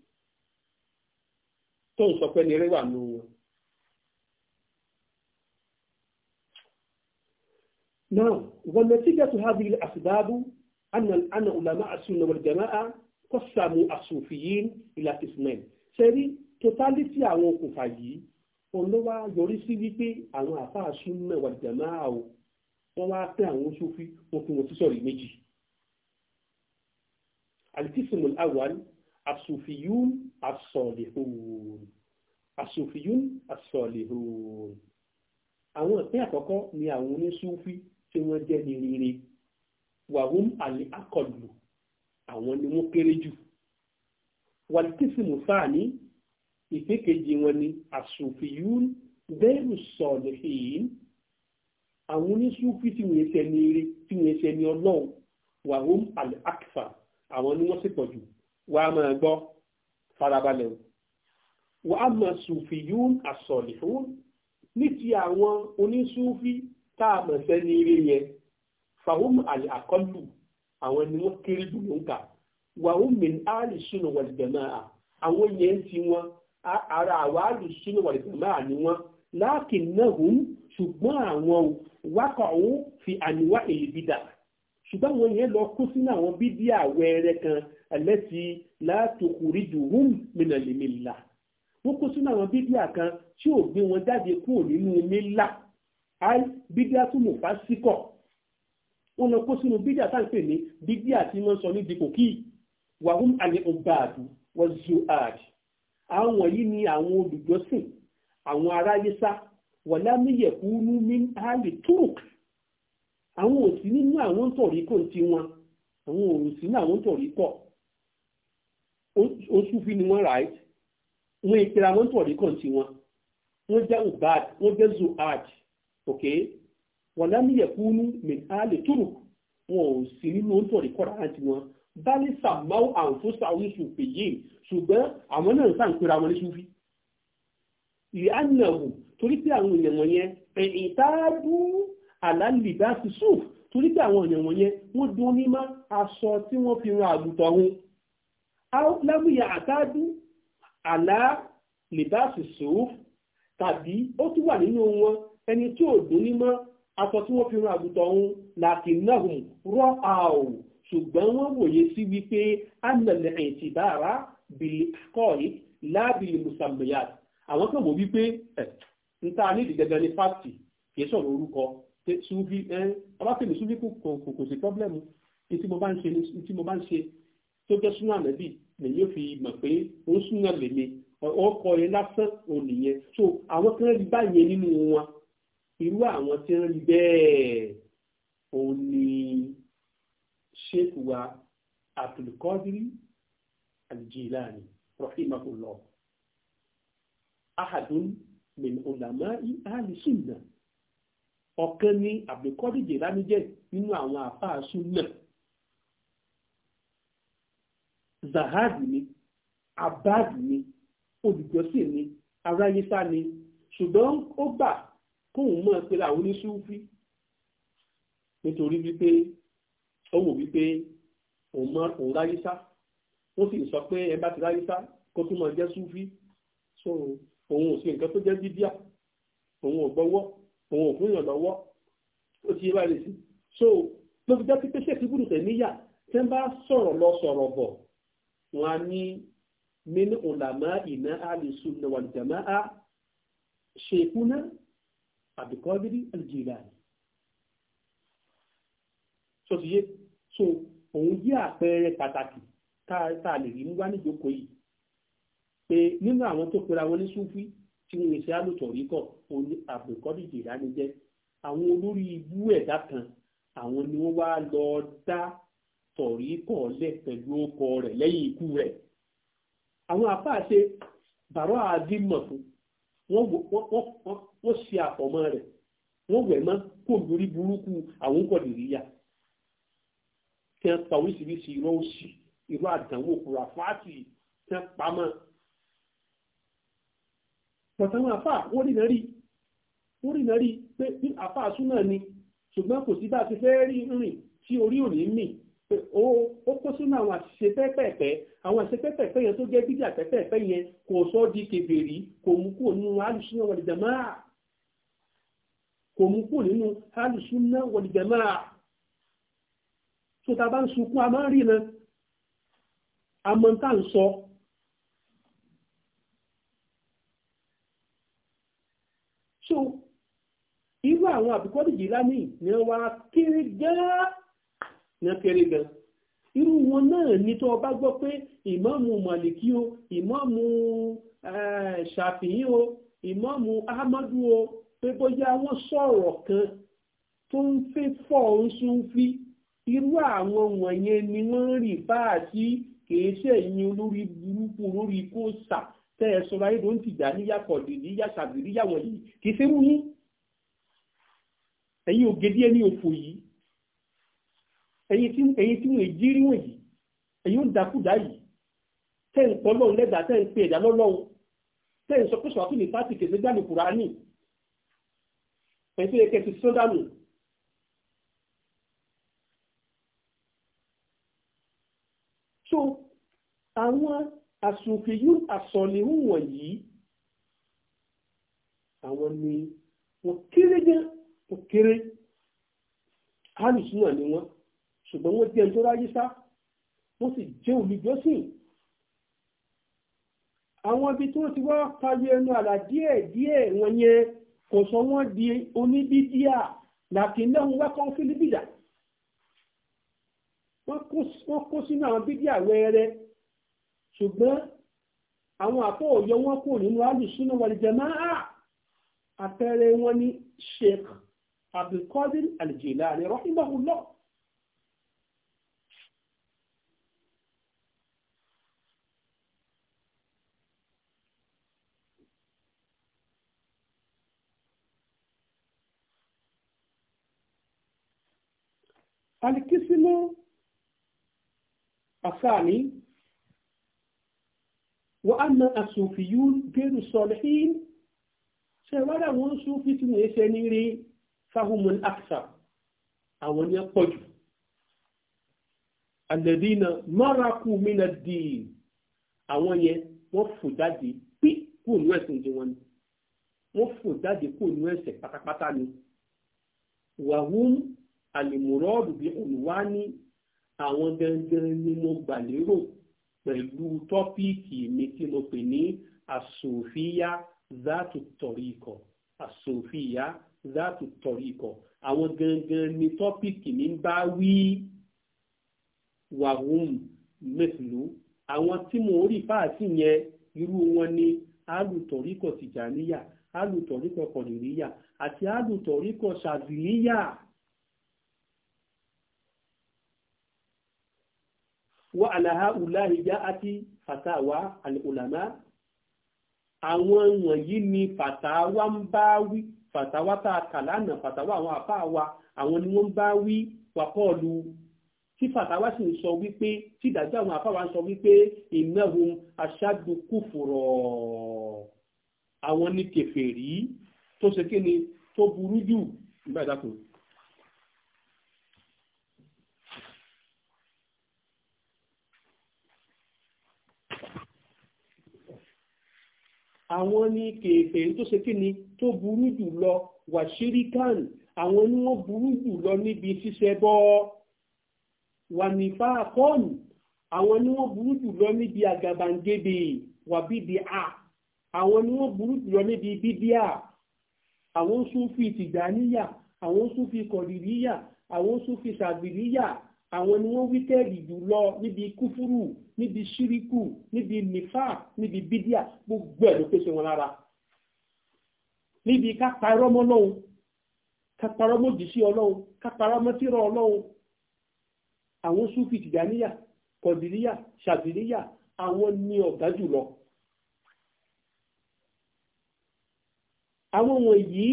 tó ń sọ pé ní eré wà nù wọn. Now, والنتيجة هذه الأسباب أن أن علماء السنة والجماعة قسموا الصوفيين إلى قسمين. Ṣé rí totality àwọn okùnfà yìí òun ló wá yọrí sí wípé àwọn àfáà súnmọ́ wà jàmáà o wọ́n wá pé àwọn sófin wọn fi wọn sísọ̀rí méjì. alikisimul awal asòfìyún asọ̀lẹ̀hún asòfìyún asọ̀lẹ̀hún àwọn ìpín àkọ́kọ́ ni àwọn onísúfí tí wọ́n jẹ́ ní rere wàhún àlè akọlù àwọn ni wọ́n kéré jù wàlìkísìmù sáà ní ìpín kejì wọn ni àsùnfìyún bẹ́ẹ̀rù sọ̀lẹ̀ fìyín àwọn oníṣúfì tí wọ́n ṣe ní eré tí wọ́n ṣe ní ọlọ́run wàhùn al-akfa àwọn ni wọ́n sì pọ̀ jù wà á máa gbọ́ farabalẹ̀ o wà á máa sùnfìyún àsọ̀lẹ̀ fún ní ti àwọn oníṣúfì tá a mọ̀ ṣe ní eré yẹn fàhùn al-akọlù àwọn ni wọ́n kéré jù ló ń kà wàhùn min al-sunnah wal-jamaa àwọn yẹn ti wọn ara àwáàlù sínú wàlìjàmá ni wọ́n láàkìn náà hùn ṣùgbọ́n àwọn wákọ̀ òun fi àníwá èyí bídà ṣùgbọ́n àwọn yẹn lọ kó sínú àwọn bídíà wẹ́rẹ́ kan ẹlẹ́tì látòkùrìjù hùn mìnàlìmìlà wọ́n kó sínú àwọn bídíà kan tí ò gbé wọn jáde kúrò nínú mílà ai bídíà tó mọ̀ fásikọ̀ wọ́n lọ kó sínú bídíà táà pè ní bídíà tí wọ́n sọ ní dikòkì wàhùn àlẹ́ àwọn wọ̀nyí ni àwọn olùjọsìn àwọn aráyé sá wọ̀lámíyẹ̀kú ní ní ààlè turk àwọn òsì sí nínú àwọn tọ̀ríkọ̀ ti wọn àwọn òsì nínú àwọn tọ̀ríkọ̀ oṣù fi ni wọ́n ráì wọ́n ìpèrè àwọn tọ̀ríkọ̀ ti wọn wọ́n jẹ́ ubad wọ́n jẹ́ zoad ok wọ̀lámíyẹ̀kú ní ní ààlè turk wọn ò sí nínú tọ̀ríkọ̀ rárá ti wọn bálísà máa àwọn fúnṣà oríṣi ṣùgbọ́n àwọn náà ń sàǹpẹ̀rẹ̀ àwọn ní ṣúfí ìyá nàwó torí pé àwọn èèyàn wọ̀nyẹn ẹ̀yìn táàbù àlálìbá ti sùn torí pé àwọn èèyàn wọ̀nyẹn wọ́n dún ní má aṣọ tí wọ́n fi ran àgùntàn hun lámúyà àtàdù àlálìbá ti sùn tàbí ó tún wà nínú wọn ẹni tí ò dún ní má aṣọ tí wọ́n fi ran àgùntàn hun láti náà rọ́ àwò ṣùgbọ́n wọ́n wòye sí wípé ánàlẹ̀ ẹ̀yìn tìbára bìlì kọ́ọ̀yì lábìlì mùsàlùmíyàt àwọn kan wò wípé ẹ̀ ń ta nídìí gẹ́gẹ́ ní fáàtì kìí sọ̀rọ̀ orúkọ sufi ẹ ọlọ́pẹ̀lú sufi kò kò sí pọ́blẹ́mù ní tí mo bá ń ṣe ní tí mo bá ń ṣe tó jẹ́ súnà nẹ́bì lèmi ò fi mọ̀ pé ó súnà lèmi ọkọ̀ yẹn lásán ò nìyẹn so àwọn kan rí báyẹn nínú wọn irú àwọn tí wọ́n rí bẹ́ẹ̀ òun ni ṣéèkù wa الجيلاني رحمه الله أحد من علماء ahli السنة ọ̀kan ní Abdulkadir Jilani jẹ́ nínú àwọn àfáà sunnah zahadi ni abadi ni olùjọ́sìn ni aráyésá ni ṣùgbọ́n ó gbà kóun mọ̀ pé àwọn oníṣúfí nítorí wípé ó wò wípé òun ráyésá wọ́n sì sọ pé ẹ bá ti ráyé sá kó tún máa jẹ́ súfí so òun ò sí nǹkan tó jẹ́ bíbíà òun ò gbọ́wọ́ òun ò fún yàn lọ́wọ́ ó ti yé báyìí sí so ló fi jẹ́ pé ṣèkí gbúdù tẹ̀míyà tẹ́ ń bá sọ̀rọ̀ lọ sọ̀rọ̀ bọ̀ wọn á ní min ulama ina ahli sunna wal jamaa sheikhuna abdul qadir al jilani so ti ye so òun jẹ́ àpẹẹrẹ pàtàkì tá a lè rí mú wá níjókòó yìí pé nínú àwọn tó pera wọn ní súfí tí wọn ṣe alùtọ̀ríkọ̀ oní àbùkọ́dì Jìlánì jẹ́ àwọn olórí ibú ẹ̀dá kan àwọn ni wọ́n wá lọ dá tọ̀ríkọ̀ lẹ̀ pẹ̀lú ọkọ rẹ̀ lẹ́yìn ikú rẹ̀ àwọn àfáàṣe bàrọ̀ àdìmọ̀ fún wọ́n ṣe àfọ̀mọ́ rẹ̀ wọ́n wẹ̀ mọ́ kó lórí burúkú àwọn kọ̀dìríyà kí wọ́n pa oríṣiríṣi irọ́ òṣì irú àdánwò kura fáàtì tẹ́ pamọ́ pọ̀tàwọn àfà wọ́n rí náà rí wọ́n rí náà rí pé bí àfà súnà ni ṣùgbọ́n kò sí bá ti fẹ́ rí rìn tí orí ò ní mì pé ó kó sínú àwọn àṣìṣe pẹ́pẹ́pẹ́ àwọn àṣìṣe pẹ́pẹ́pẹ́ yẹn tó jẹ́ bíjà pẹ́pẹ́pẹ́ yẹn kò sọ di kèbèrè kò mú kúrò nínú alùsùnà wal kò mú kúrò nínú alùsùnà wal jamaa ta bá ń sunkún a máa ń rí náà amọ̀ntà ń sọ so irú àwọn àbíkọ́dìjì lámì ni wọ́n wá kéré gan-an ní kéré gan-an irú wọn náà ní tó bá gbọ́ pé ìmáàmù màlìkí o ìmáàmù eh, ṣàfihàn o ìmáàmù ahmadu o pé bóyá wọ́n sọ̀rọ̀ kan tó ń fẹ́ fọ́ ń fi irú àwọn wọ̀nyẹn ni wọ́n ń rí báà kìí ṣe ẹ̀yin olórí burúkú olórí kó sà tẹ́ ẹ sọ láyé ló ń tìjà níyàkọ̀ dìdí yàtàbí níyàwó yìí kìí ṣe wúni ẹ̀yin ògèdè ẹni òfò yìí ẹ̀yin tí wọ́n èjì rí wọ̀nyí ẹ̀yin ń dakúdá yìí tẹ́ ń pọ́ lọ́run lẹ́dà tẹ́ ń pe ẹ̀dá lọ́lọ́run tẹ́ ń sọ pé sọ́kùnrin pàtìkì ẹ̀sẹ̀ jáde kùránì ẹ̀yin tó yẹ kẹ́ ti sọ́dánù àwọn àsùnfìyún àsọ̀nìhùn wọ̀nyí àwọn ni wọ́n kéré gan wọ́n kéré alùsùnà ni wọ́n ṣùgbọ́n wọ́n jẹ́ nítorí ayé sá wọ́n sì jẹ́ olùjọ́sìn àwọn ibi tí wọ́n ti wá parí ẹnu àlà díẹ̀ díẹ̀ wọn yẹn kò sọ wọ́n di oníbídíà làkínà ń wá kán fílíbìdà wọ́n kó sínú àwọn bídíà wẹ́rẹ́ ṣùgbọ́n àwọn àpò òyọ wọn kò nínú alùsùnà wal jamaa àpẹẹrẹ wọn ní sheikh abdulkadir aljilani rahimahullah alikisimu asani wọ́n á na àsòfìyú gẹ́rù sọ̀lẹ́hìn ṣe wádà wọn sófì tí wọ́n ṣe ní rí fahumun aksa àwọn ní pọ̀jù alẹ́dínà mọ́rakù mínà dìín àwọn yẹn wọ́n fò jáde pí kò nú ẹ̀sìn jí wọn ni wọ́n fò jáde kò nú ẹ̀sẹ̀ pátápátá ni wàhún àlèmùrọ́ọ̀dù bí olùwá ní àwọn gangan ni mo gbà lérò pẹ̀lú tọ́píìkì mi tí mo pè ní àsòfíyá zátù tọ̀rí ikọ̀ zátù tọ̀rí àwọn gangan ni tọ́píìkì mi ń bá wí wàhùn mẹ́sìlú àwọn tí mo rí fáàtì yẹn irú wọn ni alùtọ̀ríkọ̀ tìjàníyà alùtọ̀ríkọ̀ kọ̀nìríyà àti alùtọ̀ríkọ̀ ṣàdìríyà. wa àlàhà ùláhì já ati fatawa alulama àwọn wọ̀nyí ni fàtàwà ń bá wí fàtàwà tá a kà lánàá fàtàwà àwọn àpá wa àwọn ni wọ́n ń bá wí wàkọ́ọ̀lù tí fàtàwà sì ń sọ wípé tí ìdájọ́ àwọn àpá wa ń sọ wípé ìnáhùn aṣáájú kúfùrọ̀ àwọn ni kèfèrí tó ṣe kí ni tó burú jù nígbà ìdákùn àwọn ní kèfèrí tó ṣe kíni tó burú jù lọ wàṣíríkàn àwọn ni wọ́n burú jù lọ níbi ṣíṣẹ bọ́ wànífà kọ́ọ̀nù àwọn ni wọ́n burú jù lọ níbi àgàbàǹgebè wàbíbi a àwọn ni wọ́n burú jù lọ níbi bíbíà àwọn súnfì tìjàníyà àwọn súnfì kọ̀dìríyà àwọn súnfì sàbìríyà àwọn ni wọ́n wíkẹ́ẹ̀dì jù lọ níbi kúfúrú níbi ṣíríkù níbi nìfà níbi bídíà gbogbo ẹ̀ ló pèsè wọn lára níbi ká parọ́ mọ́ lọ́hùn ká parọ́ mọ́ jìṣẹ́ ọlọ́hun ká parọ́ mọ́ tírọ̀ ọlọ́hun àwọn súfì tìjàníyà kọ̀dìríyà ṣàdìríyà àwọn ní ọ̀gá jùlọ. àwọn wọ̀nyí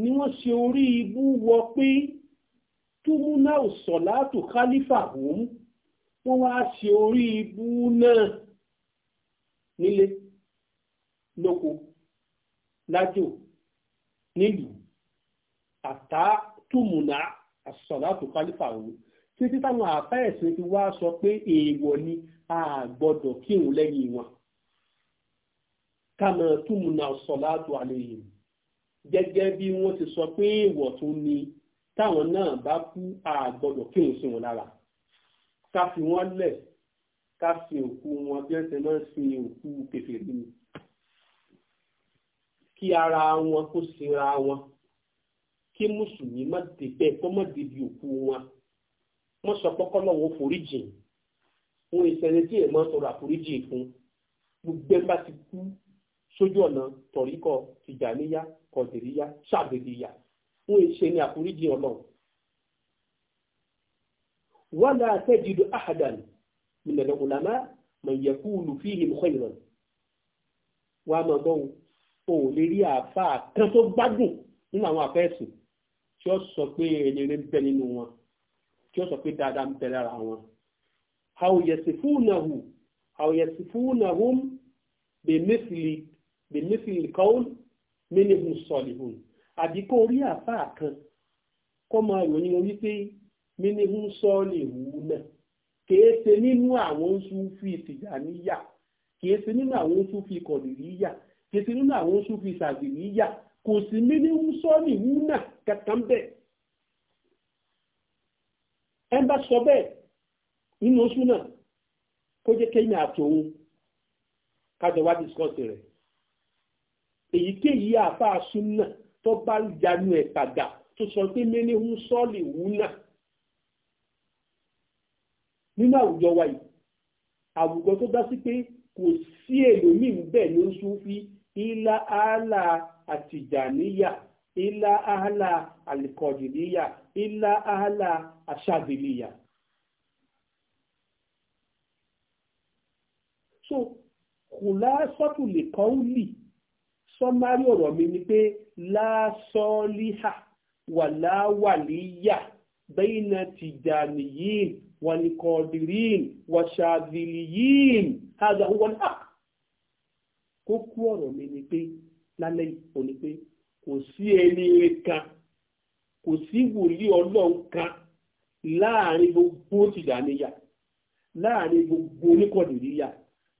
ni wọ́n ṣe orí ibú wọ pé túmúná ò sọ̀ látò khalifa òun wọ́n wá ṣe orí ibú náà nílé lóko lájò nílùú àtà túmùnà àsọ̀látò kálífà òun títí táwọn àbá ẹ̀sìn ti wá sọ pé èèwọ̀ ni a gbọ́dọ̀ kírun lẹ́yìn wọn kàmá túmùnà àsọ̀látò àlẹ́yìn gẹ́gẹ́ bí wọ́n ti sọ pé èèwọ̀ tún ni táwọn náà bá kú a gbọ́dọ̀ kírun sí wọn lára ká fi wọ́n lẹ̀ ká fi òkú wọn bí wọ́n ti máa ń sin òkú kékeré ni kí ara wọn kó sinra wọn kí mùsùlùmí má débẹ̀ kó má débi òkú wọn wọ́n sọ pé kọ́lọ́wọ́ foríjìn wọn ìṣẹ̀lẹ̀ tí èèmọ́ sọ̀rọ̀ àforíjìn fún gbogbo ẹ̀ bá ti kú sójú ọ̀nà tọ̀ríkọ̀ tìjàníyá kọ̀dìríyá ṣàbẹ̀dìyà wọn ìṣẹ̀lẹ̀ àforíjìn ọlọ́run ولا تجد أحدا من العلماء من يكون فيهم خيرا وما ضو ó lè rí àáfàá kan tó gbádùn nínú àwọn àfẹ́sùn tí ó sọ pé eléré ń bẹ nínú wọn tí ó sọ pé dáadáa ń bẹ lára wọn. àwòyẹ̀sìfúnàhù àwòyẹ̀sìfúnàhùn bèmífìlì kọ́ọ̀l mínìhùn sọ̀lìhùn àbí kó rí àáfàá kan kó máa ròyìn wípé mínihún sọ́ọ̀lì wúlẹ̀ kìí ṣe nínú àwọn Súfì Tìjàníyà kìí ṣe nínú àwọn Súfì Kọ̀dìríyà kìí ṣe nínú àwọn Súfì Sàdìríyà kò sí mínihún sọ́ọ̀lì wúlẹ̀ kankan bẹ́ẹ̀. ẹ bá sọ bẹ́ẹ̀ nínú oṣù náà kó jẹ́ kéyìn àti òun kájọ wá discourse rẹ̀ èyíkéyìí àfa àsun náà tó bá yanu ẹ̀ padà tó sọ pé mínihún sọ́ọ̀lì wúlẹ̀ nínú àwùjọ wa yìí àwùjọ tó dá sí pé kò sí èlòmíì bẹ́ẹ̀ ló ń súnfí ilá àhálà àtìjàníyà ilá àhálà àlìkọ̀jìníyà ilá àhálà àṣàbìlìyà. so kò láásọ́tù lè kọ́ ń lì sọ́márì ọ̀rọ̀ mi ni pé láásọ́ọ́líhà wà láwàlíyà bẹ́yìn náà tìjàníyìn wàlìkọ̀ọ̀dìrín wàṣàdìlìyìn hàzà wọn hà. kókó ọ̀rọ̀ mi ni pé lálẹ́ ìfọ̀ ni pé kò sí ẹni kan kò sí wòlíì ọlọ́run kan láàrin gbogbo tìjàníyà láàrin gbogbo oníkọ̀dìríyà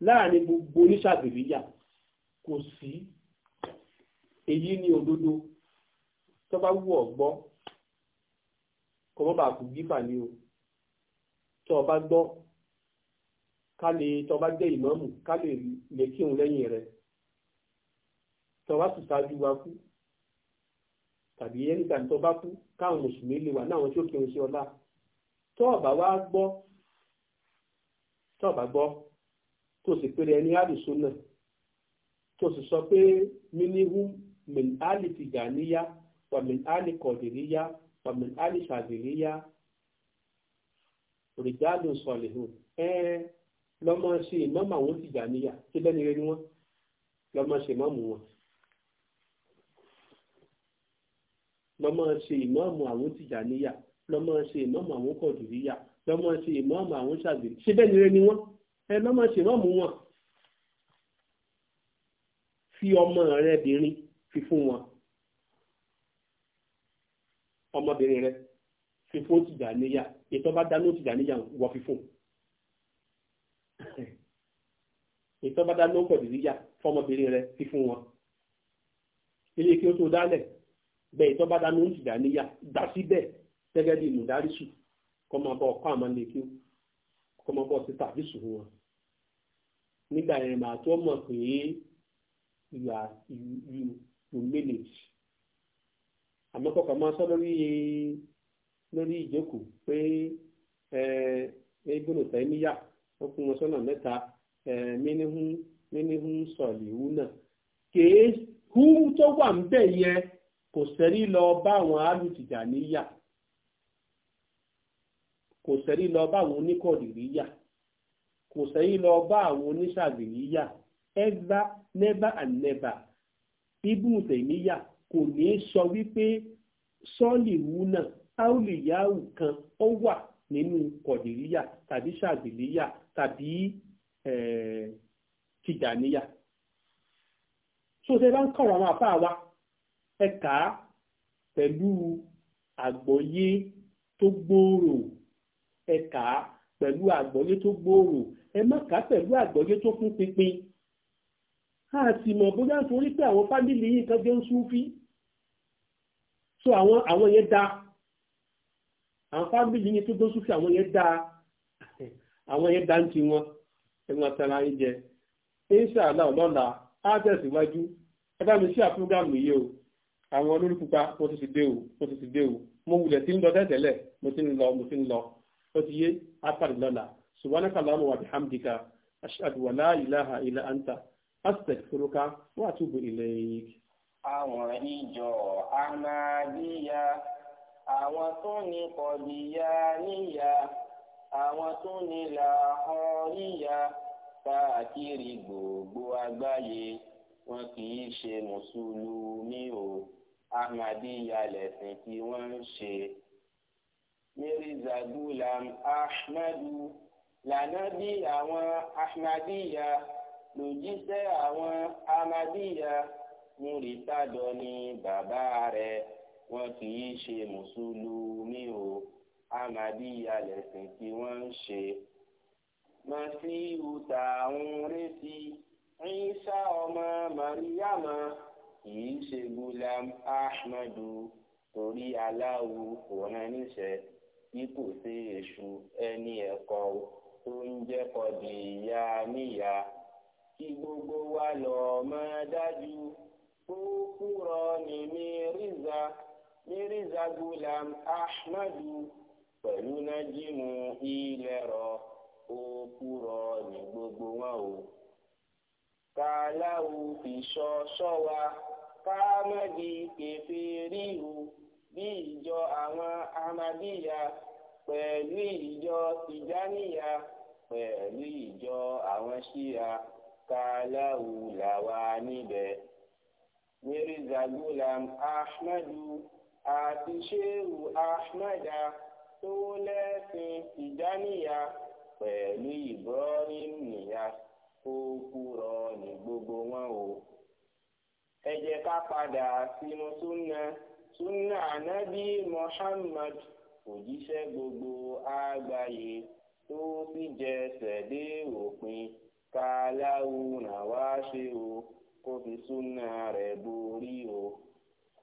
láàrin gbogbo oníṣàdìríyà kò sí èyí ni òdodo tó bá wù ọ́ gbọ́ kọ́mọ́bà kò gífà ni o tó o bá gbọ́ ká lè tó o bá jẹ́ ìmáàmù ká lè lè kírun lẹ́yìn rẹ̀ tó o bá sì ṣáájú wa kú tàbí ẹnìgbà tó o bá kú káwọn mùsùlùmí lè wà náà wọn tí ó kírun sí ọlá tó o bá wá gbọ́ tó sì péré ẹni àdùsó náà tó sì sọ pé mínímù min ali tìjàníyá wà min ali kọ̀dìríyá wà min ali sàdìríyá rìjálù sọ̀lìhù ẹ lọ́mọ ṣe ìmọ̀mọ̀ àwọn Tìjàníyà kí lẹ́ni rẹ ni wọ́n lọ́mọ ṣe ìmọ̀mù wọn. lọ́mọ ṣe ìmọ̀mù àwọn Tìjàníyà lọ́mọ ṣe ìmọ̀mù àwọn Kọ̀dùríyà lọ́mọ ṣe ìmọ̀mù àwọn Ṣàgbèrè ṣé bẹ́ẹ̀ ni rẹ ni wọ́n ẹ lọ́mọ ṣe ìmọ̀mù wọn. fi ọmọ rẹ bìnrin fi fún wọn ọmọbìnrin rẹ fi fún Tìjàníyà ìtọ́ bá dá nóòtì ìdàníyà wọ fífún ìtọ́ bá dá nóòtì ìdíyà fọmọbìnrin rẹ fífún wọn ilé kí ó tó dálẹ̀ bẹ́ẹ̀ ìtọ́ bá dá nóòtì ìdàníyà dá síbẹ̀ gẹ́gẹ́ bí mùdárísù kọ́ máa bọ́ ọkọ́ àmọ́ lè kí kọ́ máa bọ́ sí tàbísù wọn nígbà yẹn màá tó mọ̀ pé you are you you àmọ́ kọ́kọ́ máa sọ lórí lórí ìjókòó pé Ibn Taymiyyah ó fún wọn sọ́nà mẹ́ta mínihún mínihún sọ̀lìwú náà kèé hu tó wà ń bẹ̀ yẹn kò sẹ́rí lọ bá àwọn alùtìjà níyà kò sẹ́rí lọ bá àwọn oníkọ̀dìrí yà kò sẹ́rí lọ bá àwọn oníṣàgbèrè yà ever never and never Ibn Taymiyyah kò ní sọ wípé sọ́ọ̀lì wú náà áùlìyáù kan ó wà nínú kọ̀dìríyà tàbí ṣàdìlíyà tàbí tìjàníyà. tó ṣe bá ń kọ̀rọ̀ àwọn àfáà wa ẹ kà á pẹ̀lú àgbọ́yé tó gbòòrò ẹ kà á pẹ̀lú àgbọ́yé tó gbòòrò ẹ má kà á pẹ̀lú àgbọ́yé tó kún pinpin a sì mọ̀ bóyá nítorí pé àwọn fámìlì yìí kan jẹ́ ń súnfí so àwọn àwọn yẹn dáa àwọn fábílì yẹn tó dó súfì àwọn yẹn dáa àwọn yẹn dáa ń ti wọn ẹnu àtàrà yín jẹ inṣàlá ọlọ́la á tẹ̀síwájú ẹ bá mi sí àfúgámù yìí o àwọn olórí pupa mo ti ti dé o mo ti ti dé o mo wulẹ̀ tí ń lọ tẹ́tẹ̀lẹ̀ mo ti ń lọ mo ti ń lọ ó ti yé apàdé lọ́la subhanaka allahumma wa bihamdika ashhadu wa la ilaha illa anta astaghfiruka wa atubu ilayk. àwọn ìjọ ahmadiyya àwọn tó ní kọ̀díyà níyà àwọn tó ní làhọ́ríyà káàkiri gbogbo àgbáyé wọn kì í ṣe mùsùlùmí o ahmadiyya lẹ̀sìn tí wọ́n ń ṣe. mirza ahmadu lànábì àwọn ahmadiyya lòjíṣẹ́ àwọn ahmadiyya múritádọ́ ní bàbá rẹ̀ wọn kì í ṣe mùsùlùmí o Ahmadiyya lẹ̀sìn tí wọ́n ń ṣe. masiu tá à ń retí Ìsá ọmọ Màríyàmá kì í ṣe Gulam Ahmadu torí aláwo kò rán níṣẹ́ bí kò sí èṣù ẹni ẹ̀kọ́ tó ń jẹ́ kọ́dì ìyá níyà kí gbogbo wa lọ́ọ́ máa dájú kó kúrọ̀ ní Mírízà mírízà gulam ahmadu pẹ̀lú nájímù ilẹ̀rọ òkúrọ̀ ní gbogbo wọn o. kàláwù ìṣọ́ ṣọ́wa káàmọ́dì kẹfẹ́ ríru bí ìjọ àwọn amadíyà pẹ̀lú ìjọ tìjáníyà pẹ̀lú ìjọ àwọn ṣíya kàláwù làwa níbẹ̀. mírízà gulam ahmadu. àti ṣéèrù ahmeda tó lẹ́sìn tìjáníyà pẹ̀lú ibrahim nìyà kó kúrọ ní gbogbo wọn o. ẹ jẹ́ ká padà sínú súnà súnà ànábì muhammad òjíṣẹ́ gbogbo àgbáyé tó fi jẹsẹ̀ dé òpin ká láwùrán wá ṣe o kó fi súnà rẹ̀ o.